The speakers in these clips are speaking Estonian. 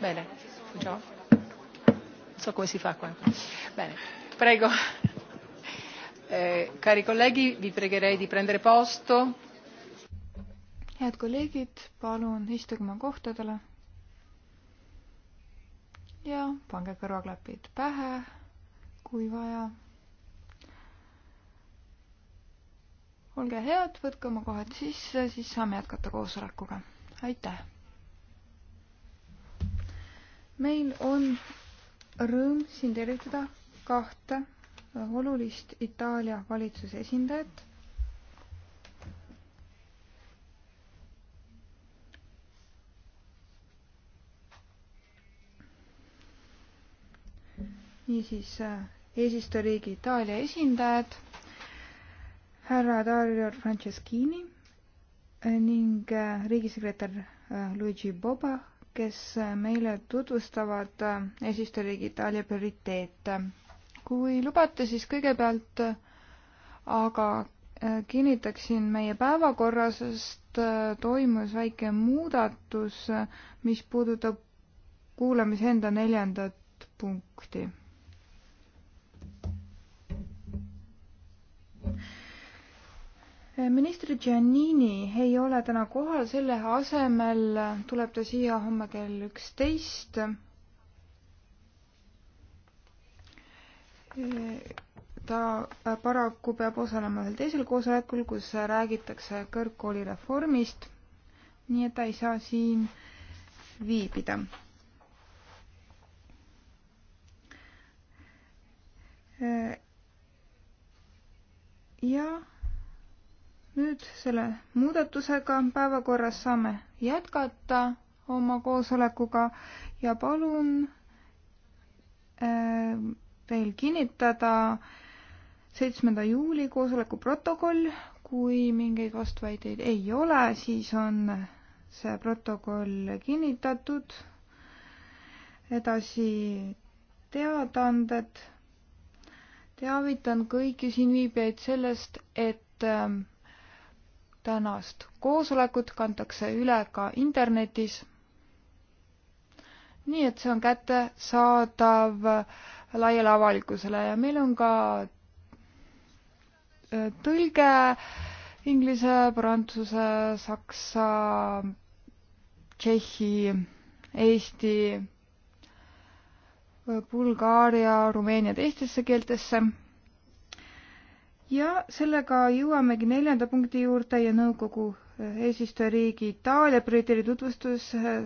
Bene, già. Non so come si fa qua. Bene, prego. Eh, cari colleghi, vi pregherei di prendere posto. Head kolleegid, palun istuge oma kohtadele. ja pange kõrvaklapid pähe, kui vaja olge head, võtke oma kohad sisse, siis saame jätkata koosolekuga. aitäh! meil on rõõm siin tervitada kahte olulist Itaalia valitsuse esindajat. niisiis eesistujariigi Itaalia esindajad härra Dario Franceschini ning äh, riigisekretär äh, Luigi Boba, kes äh, meile tutvustavad eesistujariigi Itaalia prioriteete. kui lubate, siis kõigepealt aga kinnitaksin meie päevakorra, sest toimus väike muudatus, mis puudutab kuulamise enda neljandat punkti minister Giannini ei ole täna kohal, selle asemel tuleb ta siia homme kell üksteist. ta paraku peab osalema ühel teisel koosolekul, kus räägitakse kõrgkoolireformist, nii et ta ei saa siin viibida. ja nüüd selle muudatusega päevakorras saame jätkata oma koosolekuga ja palun äh, teil kinnitada seitsmenda juuli koosoleku protokoll. kui mingeid vastuväiteid ei ole, siis on see protokoll kinnitatud. edasi teadaanded. teavitan kõiki siinviibijaid sellest, et ähm, tänast koosolekut kantakse üle ka internetis. nii et see on kättesaadav laiale avalikkusele ja meil on ka e, tõlge inglise, prantsuse, saksa, Tšehhi, Eesti, e, Bulgaaria, Rumeenia teistesse keeltesse ja sellega jõuamegi neljanda punkti juurde ja nõukogu äh, eesistujariigi Itaalia prioriteedi tutvustus. Äh,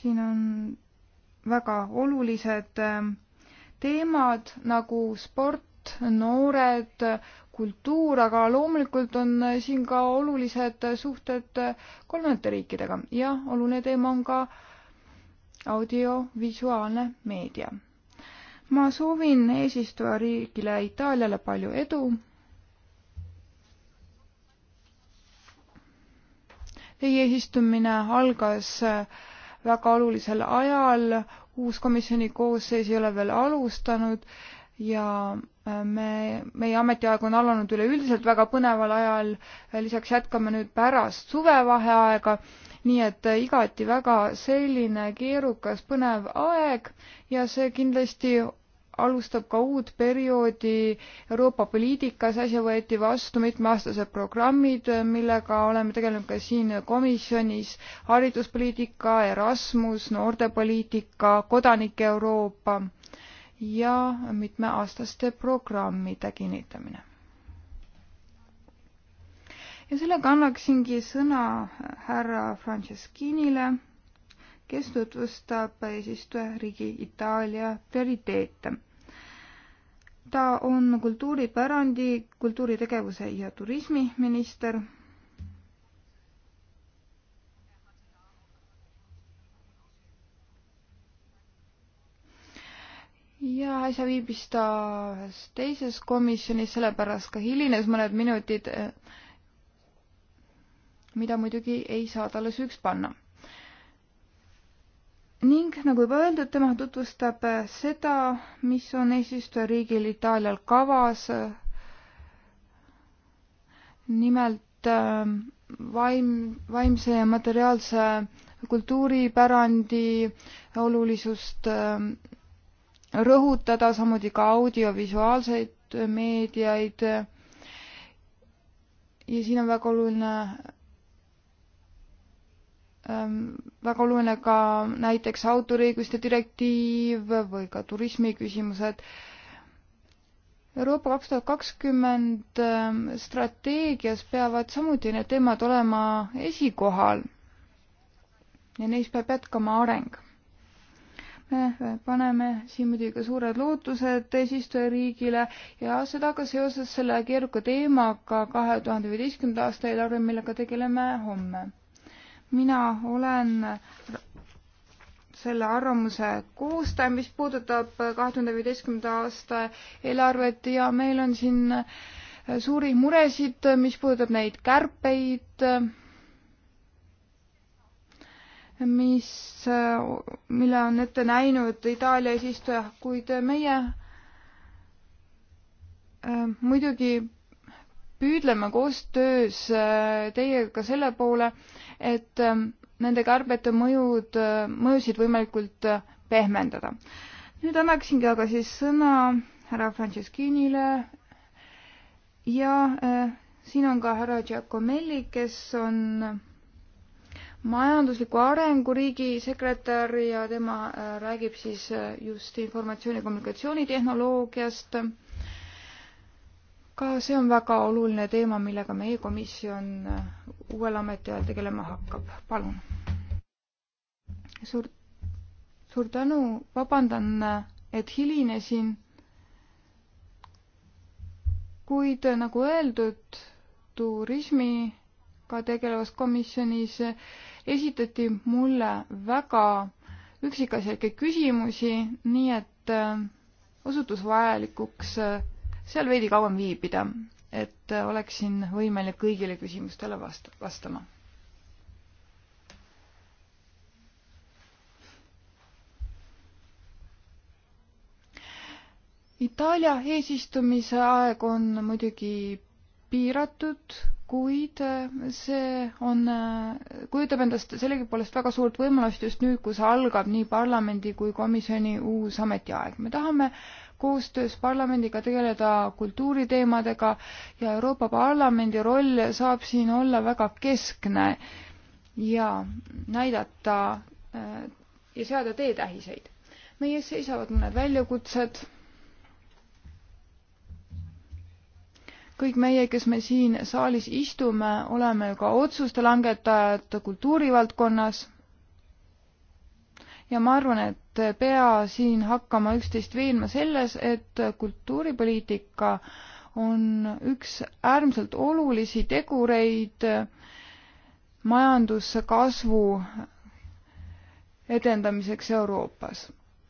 siin on väga olulised ähm, teemad nagu sport, noored, kultuur, aga loomulikult on äh, siin ka olulised suhted kolmandate riikidega ja oluline teema on ka audiovisuaalne meedia. ma soovin eesistujariigile Itaaliale palju edu Teie eesistumine algas äh, väga olulisel ajal, uus komisjoni koosseis ei ole veel alustanud ja äh, me, meie ametiaeg on alanud üleüldiselt väga põneval ajal, lisaks jätkame nüüd pärast suvevaheaega, nii et äh, igati väga selline keerukas põnev aeg ja see kindlasti alustab ka uut perioodi Euroopa poliitikas, äsja võeti vastu mitmeaastased programmid, millega oleme tegelenud ka siin komisjonis, hariduspoliitika, Erasmus, noortepoliitika, kodanike Euroopa ja mitmeaastaste programmide kinnitamine. ja sellega annaksingi sõna härra Franceskinile kes tutvustab eesistujariigi Itaalia prioriteete ta on kultuuripärandi, kultuuritegevuse ja turismiminister. ja äsja viibis ta ühes teises komisjonis, sellepärast ka hilines mõned minutid, eh, mida muidugi ei saa talle süüks panna ning nagu juba öeldud, tema tutvustab äh, seda, mis on eesistujariigil Itaalial kavas. nimelt ähm, vaim, vaimse ja materiaalse kultuuripärandi olulisust ähm, rõhutada, samuti ka audiovisuaalseid meediaid. ja siin on väga oluline Ähm, väga oluline ka näiteks autoriõiguste direktiiv või ka turismiküsimused. Euroopa kaks tuhat kakskümmend ähm, strateegias peavad samuti need teemad olema esikohal ja neis peab jätkama areng. me paneme siin muidugi suured lootused eesistujariigile ja seda ka seoses selle keeruka teemaga kahe tuhande viieteistkümnenda aasta eelarve, millega tegeleme homme mina olen selle arvamuse koostaja, mis puudutab kahe tuhande viieteistkümnenda aasta eelarvet ja meil on siin suuri muresid, mis puudutab neid kärpeid, mis, mille on ette näinud Itaalia eesistuja, kuid meie muidugi püüdlema koostöös äh, teiega selle poole, et äh, nende kärbete mõjud, äh, mõjusid võimalikult pehmendada. nüüd annaksingi aga siis sõna härra Franceschinile ja äh, siin on ka härra Giacomelli, kes on majandusliku arengu riigisekretär ja tema äh, räägib siis äh, just informatsiooni- ja kommunikatsioonitehnoloogiast äh, ka see on väga oluline teema, millega meie komisjon äh, uuel ametiajal tegelema hakkab. palun. suur, suur tänu, vabandan, äh, et hilinesin. kuid äh, nagu öeldud, turismiga tegelevas komisjonis esitati mulle väga üksikasjalikke küsimusi, nii et osutus vajalikuks seal veidi kauem viibida, et oleksin võimeline kõigile küsimustele vast-, vastama. Itaalia eesistumise aeg on muidugi piiratud, kuid see on, kujutab endast sellegipoolest väga suurt võimalust just nüüd, kus algab nii parlamendi kui komisjoni uus ametiaeg. me tahame äh, koostöös parlamendiga tegeleda kultuuriteemadega ja Euroopa Parlamendi roll saab siin olla väga keskne ja näidata äh, ja seada teetähiseid. meie ees seisavad mõned väljakutsed. kõik meie, kes me siin saalis istume, oleme ju ka otsuste langetajad kultuurivaldkonnas ja ma arvan, et ei pea siin hakkama üksteist veenma selles, et kultuuripoliitika on üks äärmiselt olulisi tegureid majanduskasvu edendamiseks Euroopas.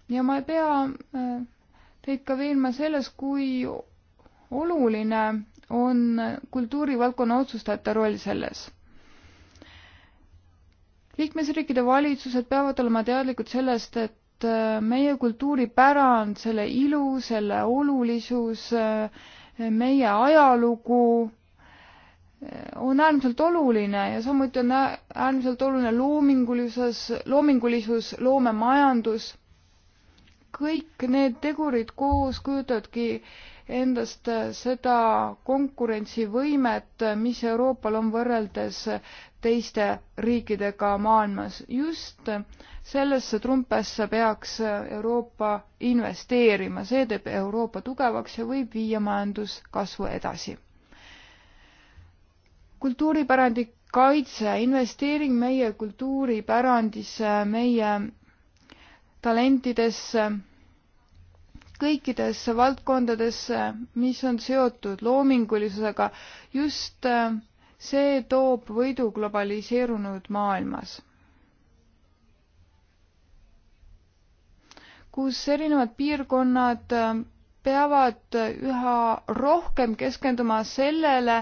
ja ma ei pea äh, teid ka veenma selles, kui oluline on kultuurivaldkonna otsustajate roll selles liikmesriikide valitsused peavad olema teadlikud sellest, et äh, meie kultuuripärand, selle ilu, selle olulisus, äh, meie ajalugu äh, on äärmiselt oluline ja samuti on äärmiselt oluline loomingulisus, loomingulisus, loomemajandus. kõik need tegurid koos kujutavadki endast seda konkurentsivõimet, mis Euroopal on võrreldes teiste riikidega maailmas. just sellesse trumpesse peaks Euroopa investeerima, see teeb Euroopa tugevaks ja võib viia majanduskasvu edasi. kultuuripärandi kaitse, investeering meie kultuuripärandisse, meie talentidesse, kõikidesse valdkondadesse, mis on seotud loomingulisusega, just äh, see toob võidu globaliseerunud maailmas, kus erinevad piirkonnad äh, peavad üha rohkem keskenduma sellele,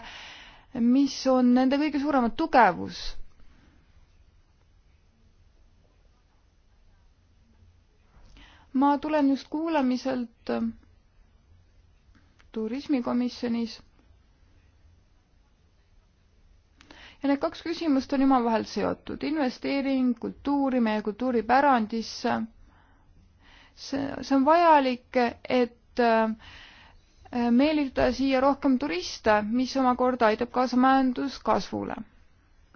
mis on nende kõige suurem tugevus ma tulen just kuulamiselt äh, turismikomisjonis ja need kaks küsimust on omavahel seotud. investeering kultuuri, meie kultuuripärandisse. see, see on vajalik, et äh, meelitada siia rohkem turiste, mis omakorda aitab kaasa majanduskasvule.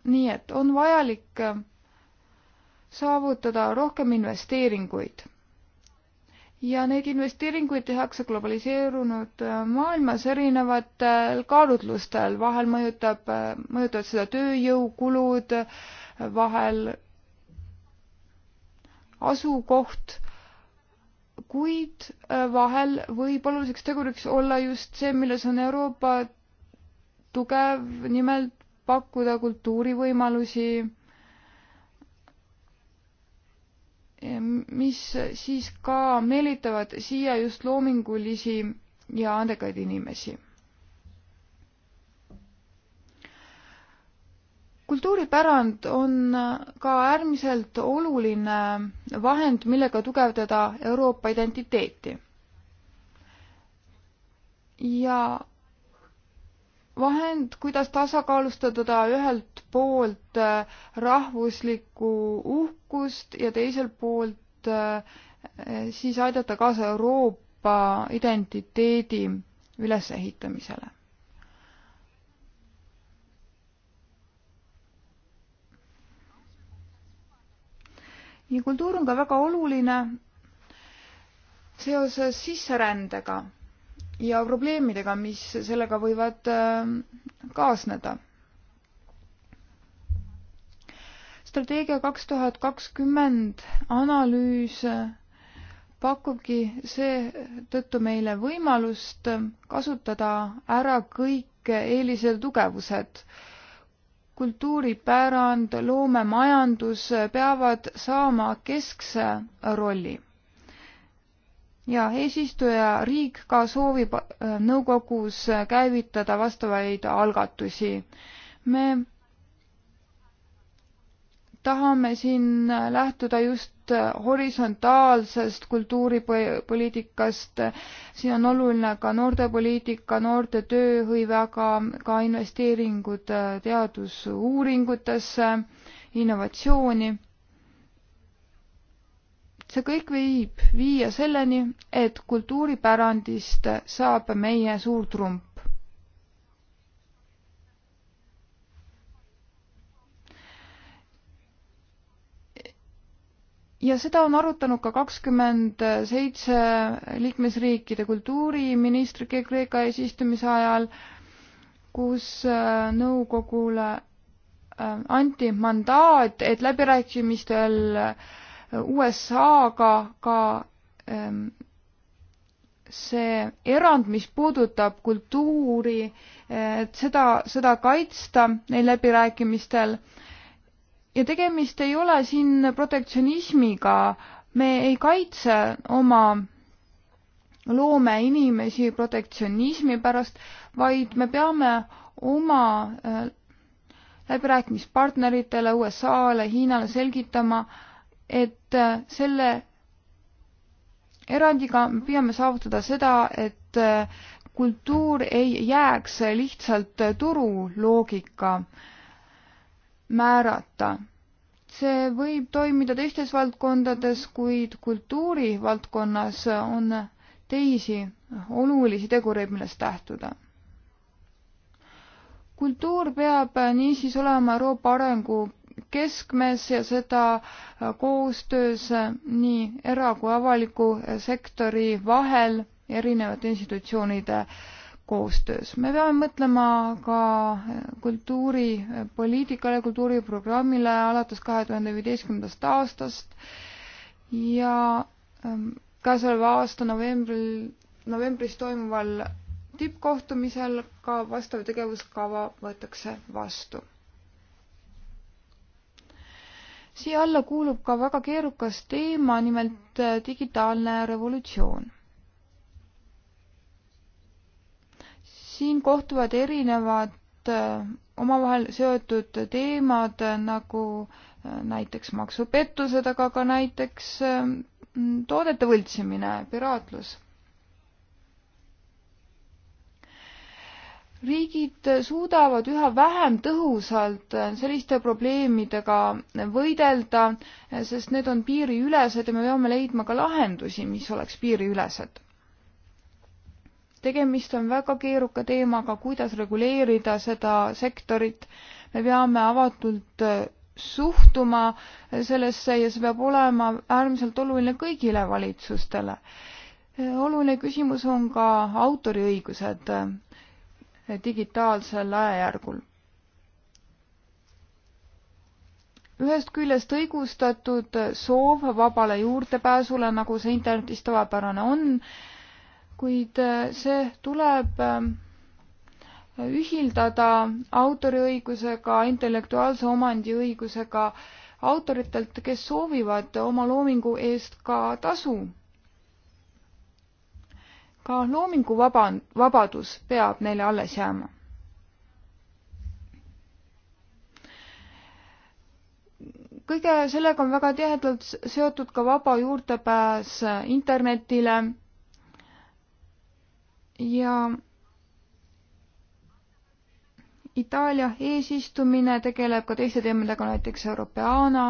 nii et on vajalik äh, saavutada rohkem investeeringuid ja neid investeeringuid tehakse globaliseerunud äh, maailmas erinevatel kaalutlustel, vahel mõjutab, äh, mõjutavad seda tööjõukulud, äh, vahel asukoht, kuid vahel võib oluliseks teguriks olla just see, milles on Euroopa tugev, nimelt pakkuda kultuurivõimalusi mis siis ka meelitavad siia just loomingulisi ja andekaid inimesi. kultuuripärand on ka äärmiselt oluline vahend, millega tugevdada Euroopa identiteeti. ja vahend, kuidas tasakaalustada ühelt poolt äh, rahvuslikku uhkust ja teiselt poolt äh, siis aidata kaasa Euroopa identiteedi ülesehitamisele. ja kultuur on ka väga oluline seoses sisserändega ja probleemidega, mis sellega võivad äh, kaasneda. strateegia kaks tuhat kakskümmend analüüs äh, pakubki seetõttu meile võimalust äh, kasutada ära kõik eelise tugevused. kultuuripärand, loomemajandus peavad saama keskse rolli ja eesistuja riik ka soovib äh, nõukogus käivitada vastavaid algatusi. me tahame siin lähtuda just horisontaalsest kultuuripoliitikast, siin on oluline ka noortepoliitika, noorte tööhõive, aga ka investeeringud teadusuuringutesse, innovatsiooni see kõik võib viia selleni, et kultuuripärandist saab meie suur trump. ja seda on arutanud ka kakskümmend seitse liikmesriikide kultuuriministri Kreeka eesistumise ajal, kus äh, nõukogule äh, anti mandaat, et läbirääkimistel äh, USA-ga ka ähm, see erand, mis puudutab kultuuri, et äh, seda, seda kaitsta neil läbirääkimistel. ja tegemist ei ole siin protektsionismiga, me ei kaitse oma loomeinimesi protektsionismi pärast, vaid me peame oma äh, läbirääkimispartneritele, USA-le, Hiinale selgitama äh, et äh, selle erandiga me püüame saavutada seda, et äh, kultuur ei jääks lihtsalt turuloogika määrata. see võib toimida teistes valdkondades, kuid kultuurivaldkonnas on teisi olulisi tegureid, millest lähtuda. kultuur peab niisiis olema Euroopa arengu keskmes ja seda äh, koostöös äh, nii era- kui avaliku äh, sektori vahel erinevate institutsioonide koostöös. me peame mõtlema ka kultuuripoliitikale, kultuuriprogrammile alates kahe tuhande viieteistkümnendast aastast ja ähm, käesoleva aasta novembril, novembris toimuval tippkohtumisel ka vastav tegevuskava võetakse vastu siia alla kuulub ka väga keerukas teema, nimelt äh, digitaalne revolutsioon. siin kohtuvad erinevad äh, omavahel seotud teemad äh, nagu näiteks maksupettused, aga ka näiteks toodete võltsimine, piraatlus riigid suudavad üha vähem tõhusalt selliste probleemidega võidelda, sest need on piiriülesed ja me peame leidma ka lahendusi, mis oleks piiriülesed. tegemist on väga keeruka teemaga, kuidas reguleerida seda sektorit. me peame avatult suhtuma sellesse ja see peab olema äärmiselt oluline kõigile valitsustele. oluline küsimus on ka autoriõigused digitaalsel ajajärgul. ühest küljest õigustatud soov vabale juurdepääsule, nagu see internetis tavapärane on, kuid see tuleb äh, ühildada autoriõigusega, intellektuaalse omandi õigusega autoritelt, kes soovivad oma loomingu eest ka tasu ka loominguvaba, vabadus peab neile alles jääma. kõige sellega on väga tihedalt seotud ka vaba juurdepääs internetile ja Itaalia eesistumine tegeleb ka teiste teemadega, näiteks Europeana,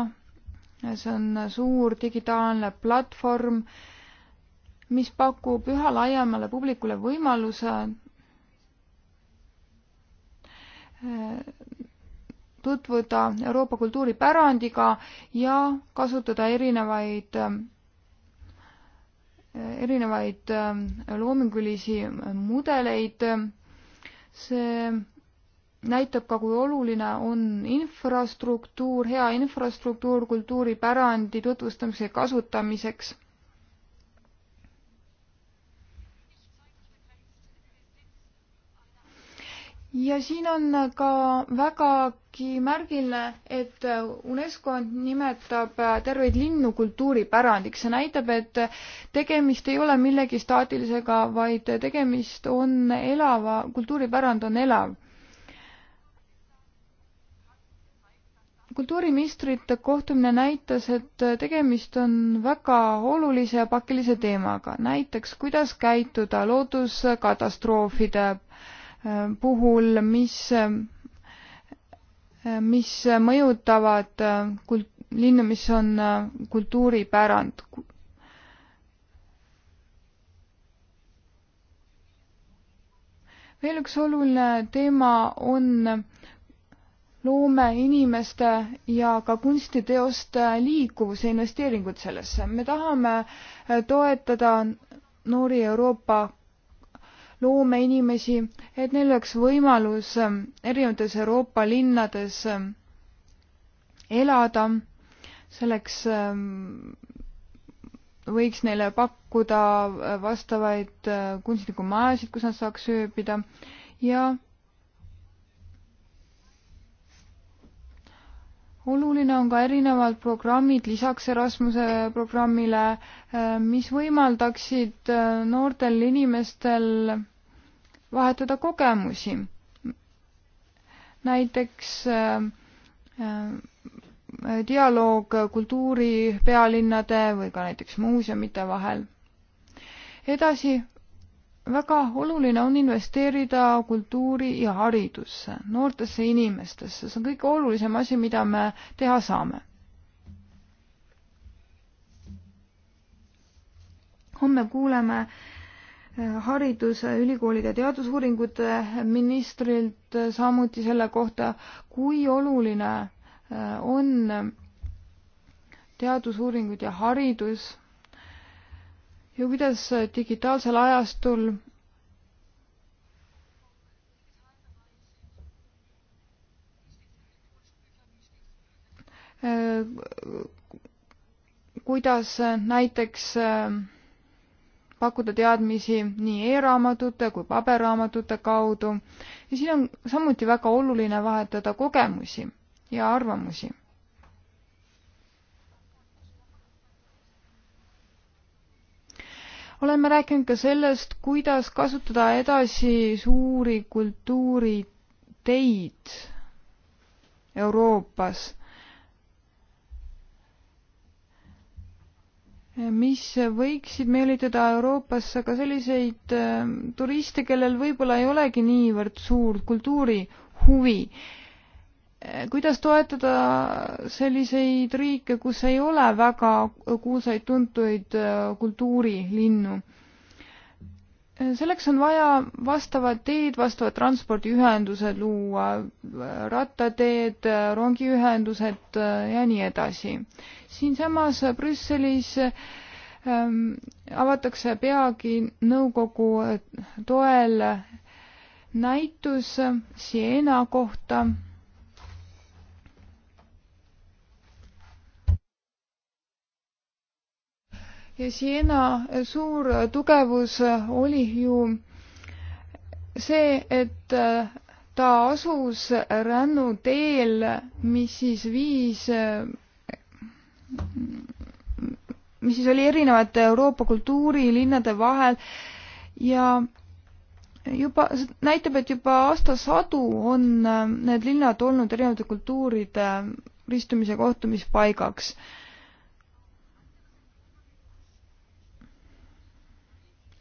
see on suur digitaalne platvorm, mis pakub üha laiemale publikule võimaluse äh, tutvuda Euroopa kultuuripärandiga ja kasutada erinevaid, äh, erinevaid äh, loomingulisi mudeleid. see näitab ka, kui oluline on infrastruktuur, hea infrastruktuur kultuuripärandi tutvustamiseks ja kasutamiseks ja siin on ka vägagi märgiline, et UNESCO nimetab terveid linnu kultuuripärandiks. see näitab, et tegemist ei ole millegi staatilisega, vaid tegemist on elava, kultuuripärand on elav. kultuuriministrite kohtumine näitas, et tegemist on väga olulise ja pakilise teemaga, näiteks kuidas käituda looduskatastroofide äh, puhul, mis, mis mõjutavad kult-, linnu, mis on kultuuripärand. veel üks oluline teema on loomeinimeste ja ka kunstiteoste liikuvus ja investeeringud sellesse. me tahame toetada noori Euroopa loomeinimesi, et neil oleks võimalus ähm, erinevates Euroopa linnades ähm, elada, selleks ähm, võiks neile pakkuda äh, vastavaid äh, kunstnikumajasid, kus nad saaks ööbida ja oluline on ka erinevad programmid lisaks Erasmuse programmile, eh, mis võimaldaksid eh, noortel inimestel vahetada kogemusi. näiteks eh, dialoog kultuuripealinnade või ka näiteks muuseumite vahel. edasi väga oluline on investeerida kultuuri ja haridusse, noortesse inimestesse, see on kõige olulisem asi, mida me teha saame. homme kuuleme eh, hariduse, ülikoolide ja teadusuuringute ministrilt samuti selle kohta, kui oluline eh, on teadusuuringud ja haridus ja kuidas äh, digitaalsel ajastul äh, kuidas äh, näiteks pakkuda teadmisi nii e-raamatute kui paberraamatute kaudu ja siin on samuti väga oluline vahetada kogemusi ja arvamusi oleme rääkinud ka sellest, kuidas kasutada edasi suuri kultuuriteid Euroopas. mis võiksid meelitada Euroopasse ka selliseid eh, turiste, kellel võib-olla ei olegi niivõrd suurt kultuurihuvi Eh, kuidas toetada selliseid riike, kus ei ole väga kuulsaid-tuntuid eh, kultuurilinnu? Eh, selleks on vaja vastavad teed, vastavad transpordiühendused luua, rattateed, rongiühendused ja nii edasi. siinsamas Brüsselis ähm, avatakse peagi nõukogu toel näitus Siena kohta ja Siena suur tugevus oli ju see, et ta asus rännu teel, mis siis viis, mis siis oli erinevate Euroopa kultuurilinnade vahel ja juba, näitab, et juba aastasadu on need linnad olnud erinevate kultuuride ristumise kohtumispaigaks äh,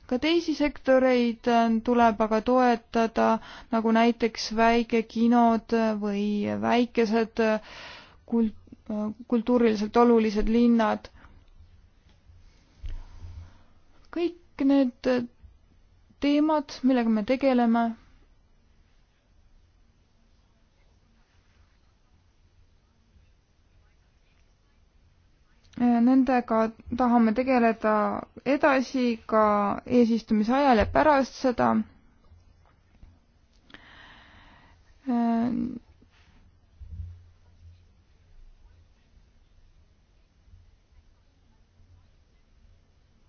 ka teisi sektoreid äh, tuleb aga toetada, nagu näiteks väikekinod äh, või väikesed äh, kult-, kultuuriliselt olulised linnad. kõik need teemad, millega me tegeleme Äh, nendega tahame tegeleda edasi ka eesistumise ajal ja pärast seda. Äh,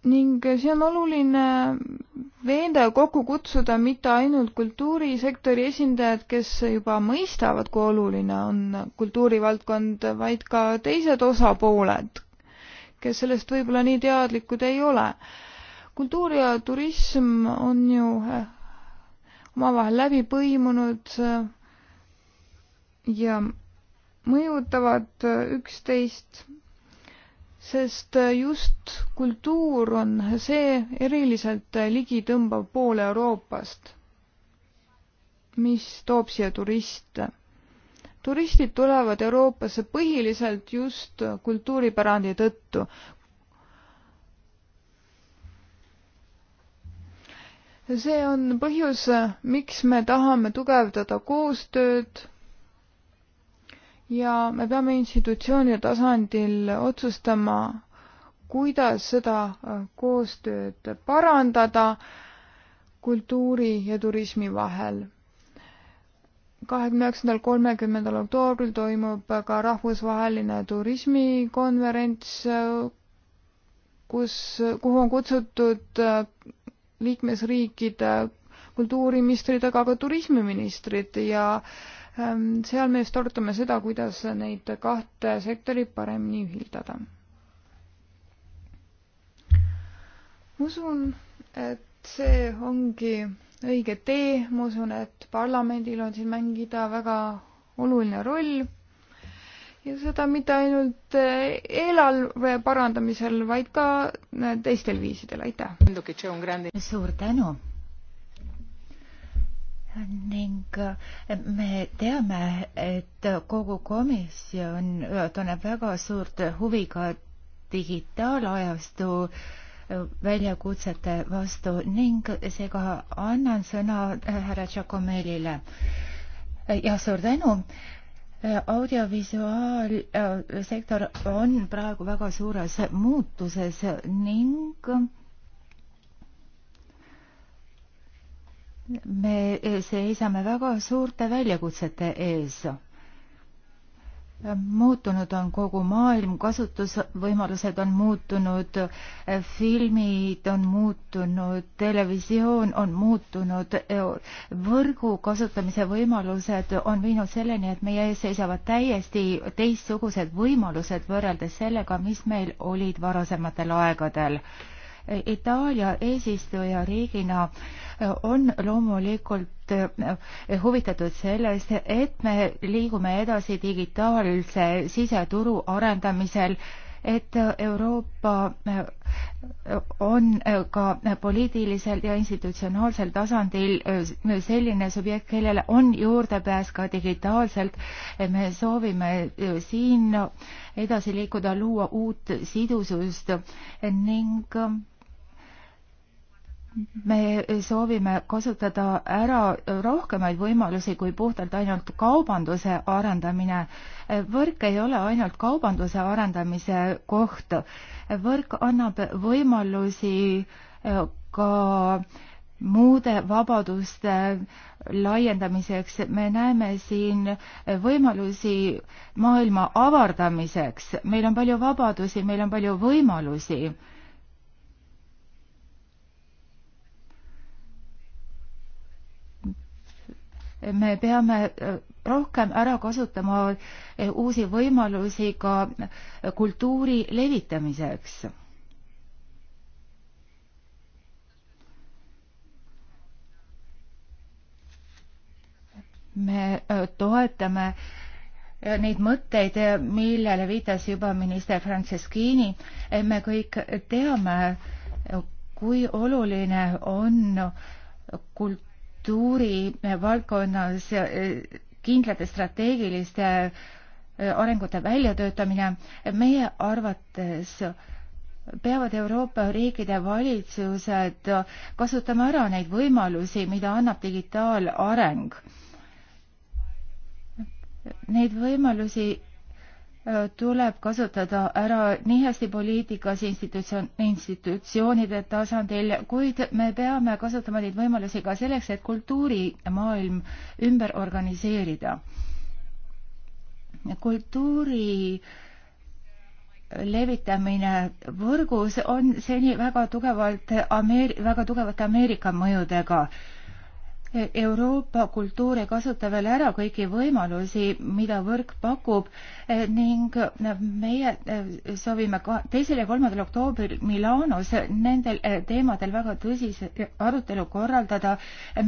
ning see on oluline veenda ja kokku kutsuda mitte ainult kultuurisektori esindajad, kes juba mõistavad, kui oluline on kultuurivaldkond, vaid ka teised osapooled, kes sellest võib-olla nii teadlikud ei ole. kultuur ja turism on ju eh, omavahel läbi põimunud eh, ja mõjutavad eh, üksteist, sest just kultuur on see eriliselt ligitõmbav pool Euroopast, mis toob siia turiste turistid tulevad Euroopasse põhiliselt just kultuuripärandi tõttu. see on põhjus, miks me tahame tugevdada koostööd ja me peame institutsioonide tasandil otsustama, kuidas seda koostööd parandada kultuuri ja turismi vahel kahekümne üheksandal, kolmekümnendal oktoobril toimub ka rahvusvaheline turismikonverents, kus, kuhu on kutsutud äh, liikmesriikide kultuuriministrid, aga ka turismiministrid ja ähm, seal me just arutame seda, kuidas neid kahte sektorit paremini ühildada. usun, et see ongi õige tee, ma usun, et parlamendil on siin mängida väga oluline roll ja seda mitte ainult eh, eelarve parandamisel, vaid ka eh, teistel viisidel, aitäh! suur tänu! ning eh, me teame, et kogu komisjon tunneb väga suurt huvi ka digitaalajastu äh, väljakutsete vastu ning seega annan sõna härra Giacomelile. jah, suur tänu audiovisuaalsektor äh, on praegu väga suures muutuses ning me seisame väga suurte väljakutsete ees muutunud on kogu maailm, kasutusvõimalused on muutunud, filmid on muutunud, televisioon on muutunud, võrgu kasutamise võimalused on viinud selleni, et meie ees seisavad täiesti teistsugused võimalused võrreldes sellega, mis meil olid varasematel aegadel Itaalia eesistuja riigina eh, on loomulikult eh, huvitatud sellest, et me liigume edasi digitaalse siseturu arendamisel et Euroopa eh, on ka poliitilisel ja institutsionaalsel tasandil selline subjekt, kellele on juurdepääs ka digitaalselt. me soovime siin edasi liikuda, luua uut sidusust ning me soovime kasutada ära rohkemaid võimalusi kui puhtalt ainult kaubanduse arendamine. võrk ei ole ainult kaubanduse arendamise koht. võrk annab võimalusi eh, ka muude vabaduste laiendamiseks, me näeme siin võimalusi maailma avardamiseks, meil on palju vabadusi, meil on palju võimalusi me peame äh, rohkem ära kasutama äh, uusi võimalusi ka äh, kultuuri levitamiseks. me toetame neid mõtteid, millele viitas juba minister Franceschini, me kõik teame, kui oluline on kult-, kultuuri eh, valdkonnas eh, kindlate strateegiliste eh, arengute väljatöötamine. meie arvates peavad Euroopa riikide valitsused kasutama ära neid võimalusi, mida annab digitaalareng. Neid võimalusi tuleb kasutada ära nii hästi poliitikas institutsioon, institutsioonide tasandil, kuid me peame kasutama neid võimalusi ka selleks, et kultuurimaailm ümber organiseerida. kultuuri levitamine võrgus on seni väga tugevalt Ameer-, väga tugevate Ameerika mõjudega Euroopa kultuur ei kasuta veel ära kõiki võimalusi, mida võrk pakub eh, ning eh, meie eh, soovime ka teisel ja kolmandal oktoobril Milanos nendel teemadel väga tõsise arutelu korraldada.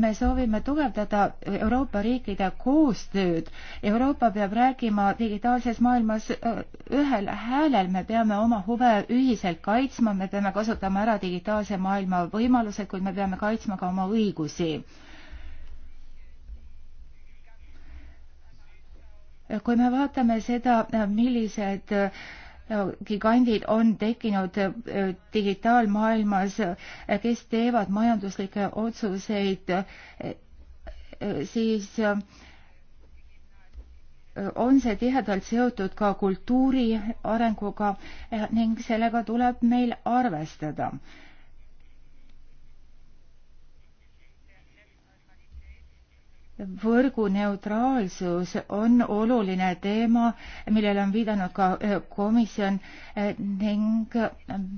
me soovime tugevdada Euroopa riikide koostööd. Euroopa peab rääkima digitaalses maailmas ühel häälel, me peame oma huve ühiselt kaitsma, me peame kasutama ära digitaalse maailma võimalused, kuid me peame kaitsma ka oma õigusi kui me vaatame seda, millised äh, gigandid on tekkinud äh, digitaalmaailmas, äh, kes teevad majanduslikke otsuseid, siis on see tihedalt seotud ka kultuuri arenguga ning sellega tuleb meil arvestada võrguneutraalsus on oluline teema, millele on viidanud ka eh, komisjon eh, ning eh,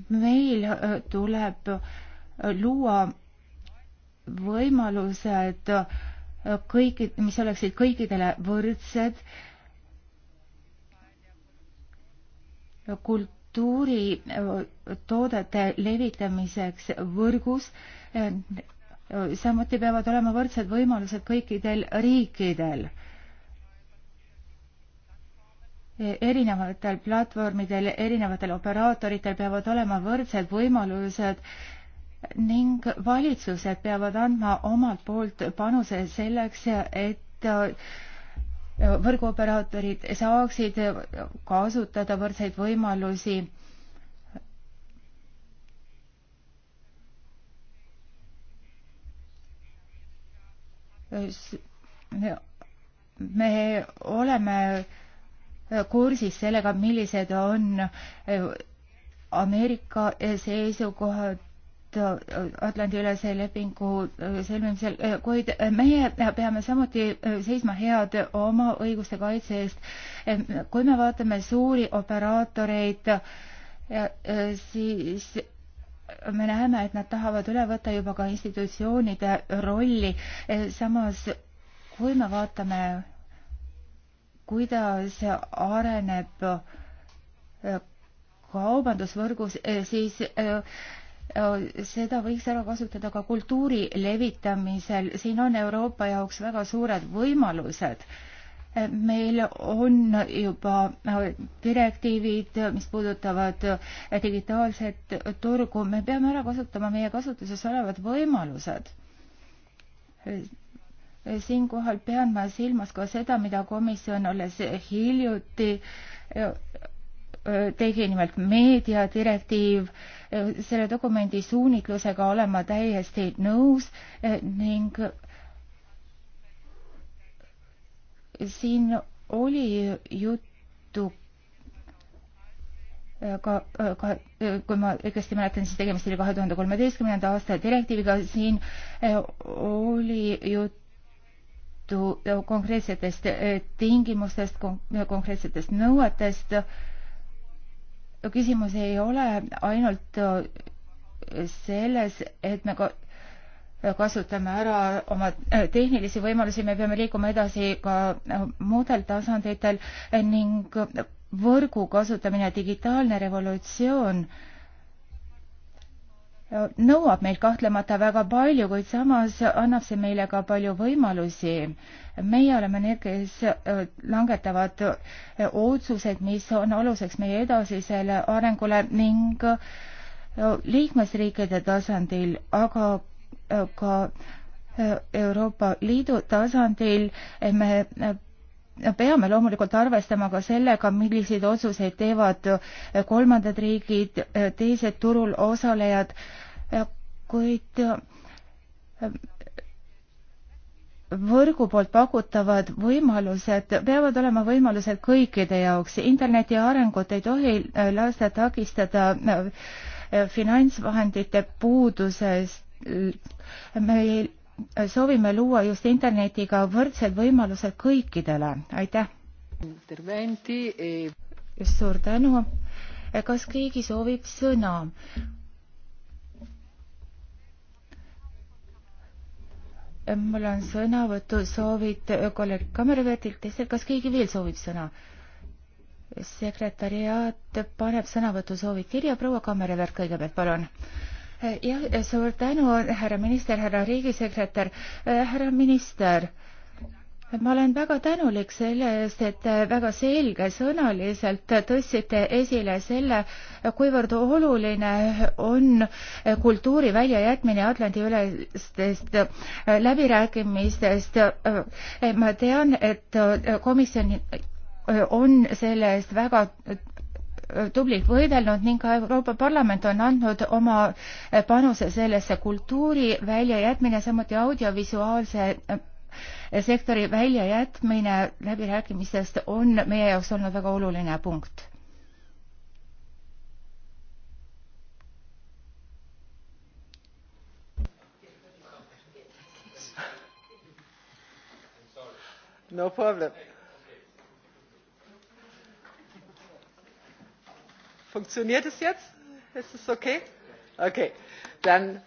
meil tuleb luua võimalused kõiki, mis oleksid kõikidele võrdsed. kultuuritoodete levitamiseks võrgus samuti peavad olema võrdsed võimalused kõikidel riikidel. E, erinevatel platvormidel, erinevatel operaatoritel peavad olema võrdsed võimalused ning valitsused peavad andma omalt poolt panuse selleks, et e, võrguoperaatorid saaksid kasutada võrdseid võimalusi Äh, me oleme kursis sellega, millised on äh, Ameerika äh, seisukohad Atlandi-ülese lepingu sõlmimisel, kuid meie peame samuti seisma head oma õiguste kaitse eest. kui me vaatame suuri operaatoreid, siis me näeme, et nad tahavad üle võtta juba ka institutsioonide rolli. Eh, samas, kui me vaatame, kuidas areneb eh, kaubandusvõrgus, eh, siis seda võiks ära kasutada ka kultuuri levitamisel. siin on Euroopa jaoks väga suured võimalused meil on juba äh, direktiivid, mis puudutavad äh, digitaalset turgu, me peame ära kasutama meie kasutuses olevad võimalused. Äh, siinkohal pean ma silmas ka seda, mida komisjon alles hiljuti tegi nimelt meediadirektiiv, selle dokumendi suunitlusega olen ma täiesti nõus ning siin oli juttu äh, ka, äh, ka äh, kui ma õigesti mäletan, siis tegemist oli kahe tuhande kolmeteistkümnenda aasta direktiiviga, siin oli juttu konkreetsetest tingimustest, konkreetsetest nõuetest. küsimus ei ole ainult selles, et me ka kasutame ära oma äh, tehnilisi võimalusi, me peame liikuma edasi ka äh, muudel tasanditel ning võrgu kasutamine, digitaalne revolutsioon äh, nõuab meilt kahtlemata väga palju, kuid samas annab see meile ka palju võimalusi. meie oleme need, kes langetavad otsused, mis on aluseks meie edasisele arengule ning liikmesriikide tasandil, aga ka äh, Euroopa Liidu tasandil me äh, peame loomulikult arvestama ka sellega, milliseid otsuseid teevad äh, kolmandad riigid, teised turul osalejad, kuid võrgu poolt pakutavad võimalused peavad olema võimalused kõikide jaoks. interneti arengut ei tohi lasta takistada finantsvahendite puudusest me soovime luua just internetiga võrdsed võimalused kõikidele, aitäh! E- suur tänu! E, kas keegi soovib sõna? E, mul on sõnavõtu soovid kolleeg Kammerverdilt, teistel, kas keegi veel soovib sõna? sekretäriaat paneb sõnavõtusoovid kirja, proua Kammerverd kõigepealt, palun jah, suur tänu, härra minister, härra riigisekretär, härra minister ma olen väga tänulik selle eest, et te väga selgesõnaliselt tõstsite esile selle, kuivõrd oluline on kultuuri väljajätmine Atlandi-ülestest läbirääkimistest. ma tean, et komisjon on selle eest väga tublilt võidelnud ning ka Euroopa Parlament on andnud oma panuse sellesse kultuuri väljajätmine, samuti audiovisuaalse eh, sektori väljajätmine läbirääkimistest on meie jaoks olnud väga oluline punkt no problem. funktioniert es jetzt? ist es okay? okay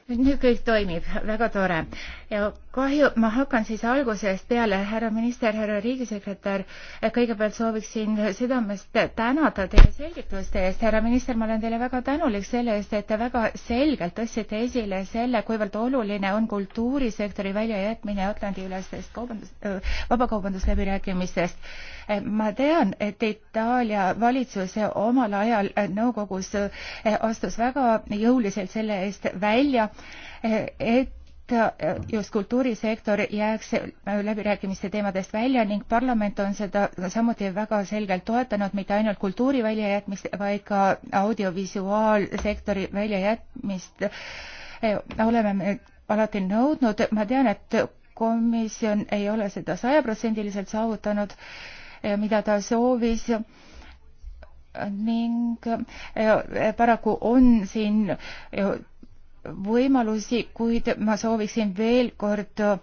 nüüd kõik toimib, väga tore. ja kahju, ma hakkan siis algusest peale, härra minister, härra riigisekretär, eh, kõigepealt sooviksin südamest tänada teie selgituste eest, härra minister, ma olen teile väga tänulik selle eest, et te väga selgelt tõstsite esile selle, kuivõrd oluline on kultuurisektori väljajätmine Atlandi-ülestest kaubandus, eh, vabakaubandusläbirääkimistest. Eh, ma tean, et Itaalia valitsus omal ajal nõukogus astus väga jõuliselt selle eest välja välja, et just kultuurisektor jääks läbirääkimiste teemadest välja ning parlament on seda samuti väga selgelt toetanud mitte ainult kultuuri väljajätmist, vaid ka audiovisuaalsektori väljajätmist. oleme me alati nõudnud, ma tean, et komisjon ei ole seda sajaprotsendiliselt saavutanud, mida ta soovis ning paraku on siin võimalusi, kuid ma sooviksin veel kord äh,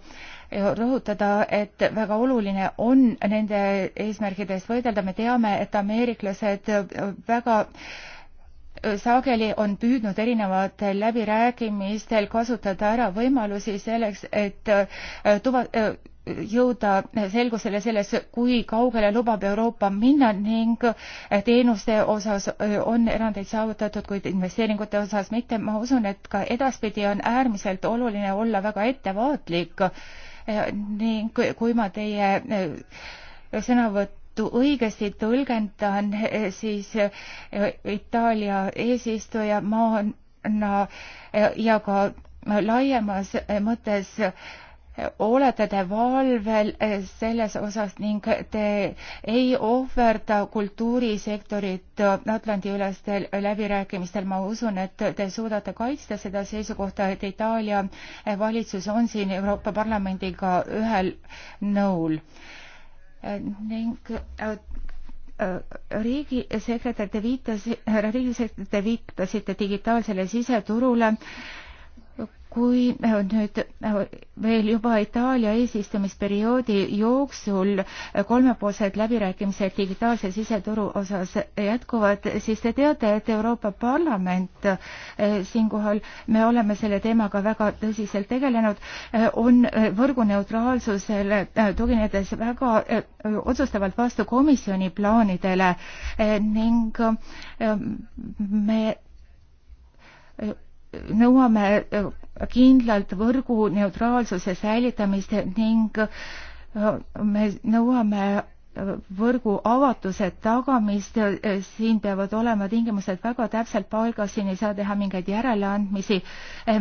rõhutada, et väga oluline on nende eesmärgide eest võidelda, me teame, et ameeriklased äh, väga äh, sageli on püüdnud erinevatel läbirääkimistel kasutada ära võimalusi selleks, et äh, tuva-, äh, jõuda selgusele selles, kui kaugele lubab Euroopa minna ning äh, teenuste osas on erandeid saavutatud, kuid investeeringute osas mitte. ma usun, et ka edaspidi on äärmiselt oluline olla väga ettevaatlik ning kui ma teie sõnavõttu õigesti tõlgendan, eh, siis eh, Itaalia eesistuja maana eh, ja ka laiemas mõttes olete te valvel selles osas ning te ei ohverda kultuurisektorit Atlandi-ülestel läbirääkimistel. ma usun, et te suudate kaitsta seda seisukohta, et Itaalia valitsus on siin Euroopa Parlamendiga ühel nõul ning äh, äh, riigisekretär, te viitas, härra riigisekretär, te viitasite digitaalsele siseturule kui äh, nüüd äh, veel juba Itaalia eesistumisperioodi jooksul äh, kolmepoolsed läbirääkimised digitaalse siseturu osas jätkuvad, siis te teate, et Euroopa Parlament siinkohal, me oleme selle teemaga väga tõsiselt tegelenud, on võrguneutraalsusele tuginedes väga otsustavalt vastu komisjoni plaanidele ning me nõuame kindlalt võrgu neutraalsuse säilitamist ning äh, me nõuame äh, võrgu avatuse tagamist, äh, siin peavad olema tingimused väga täpselt paigas, siin ei saa teha mingeid järeleandmisi.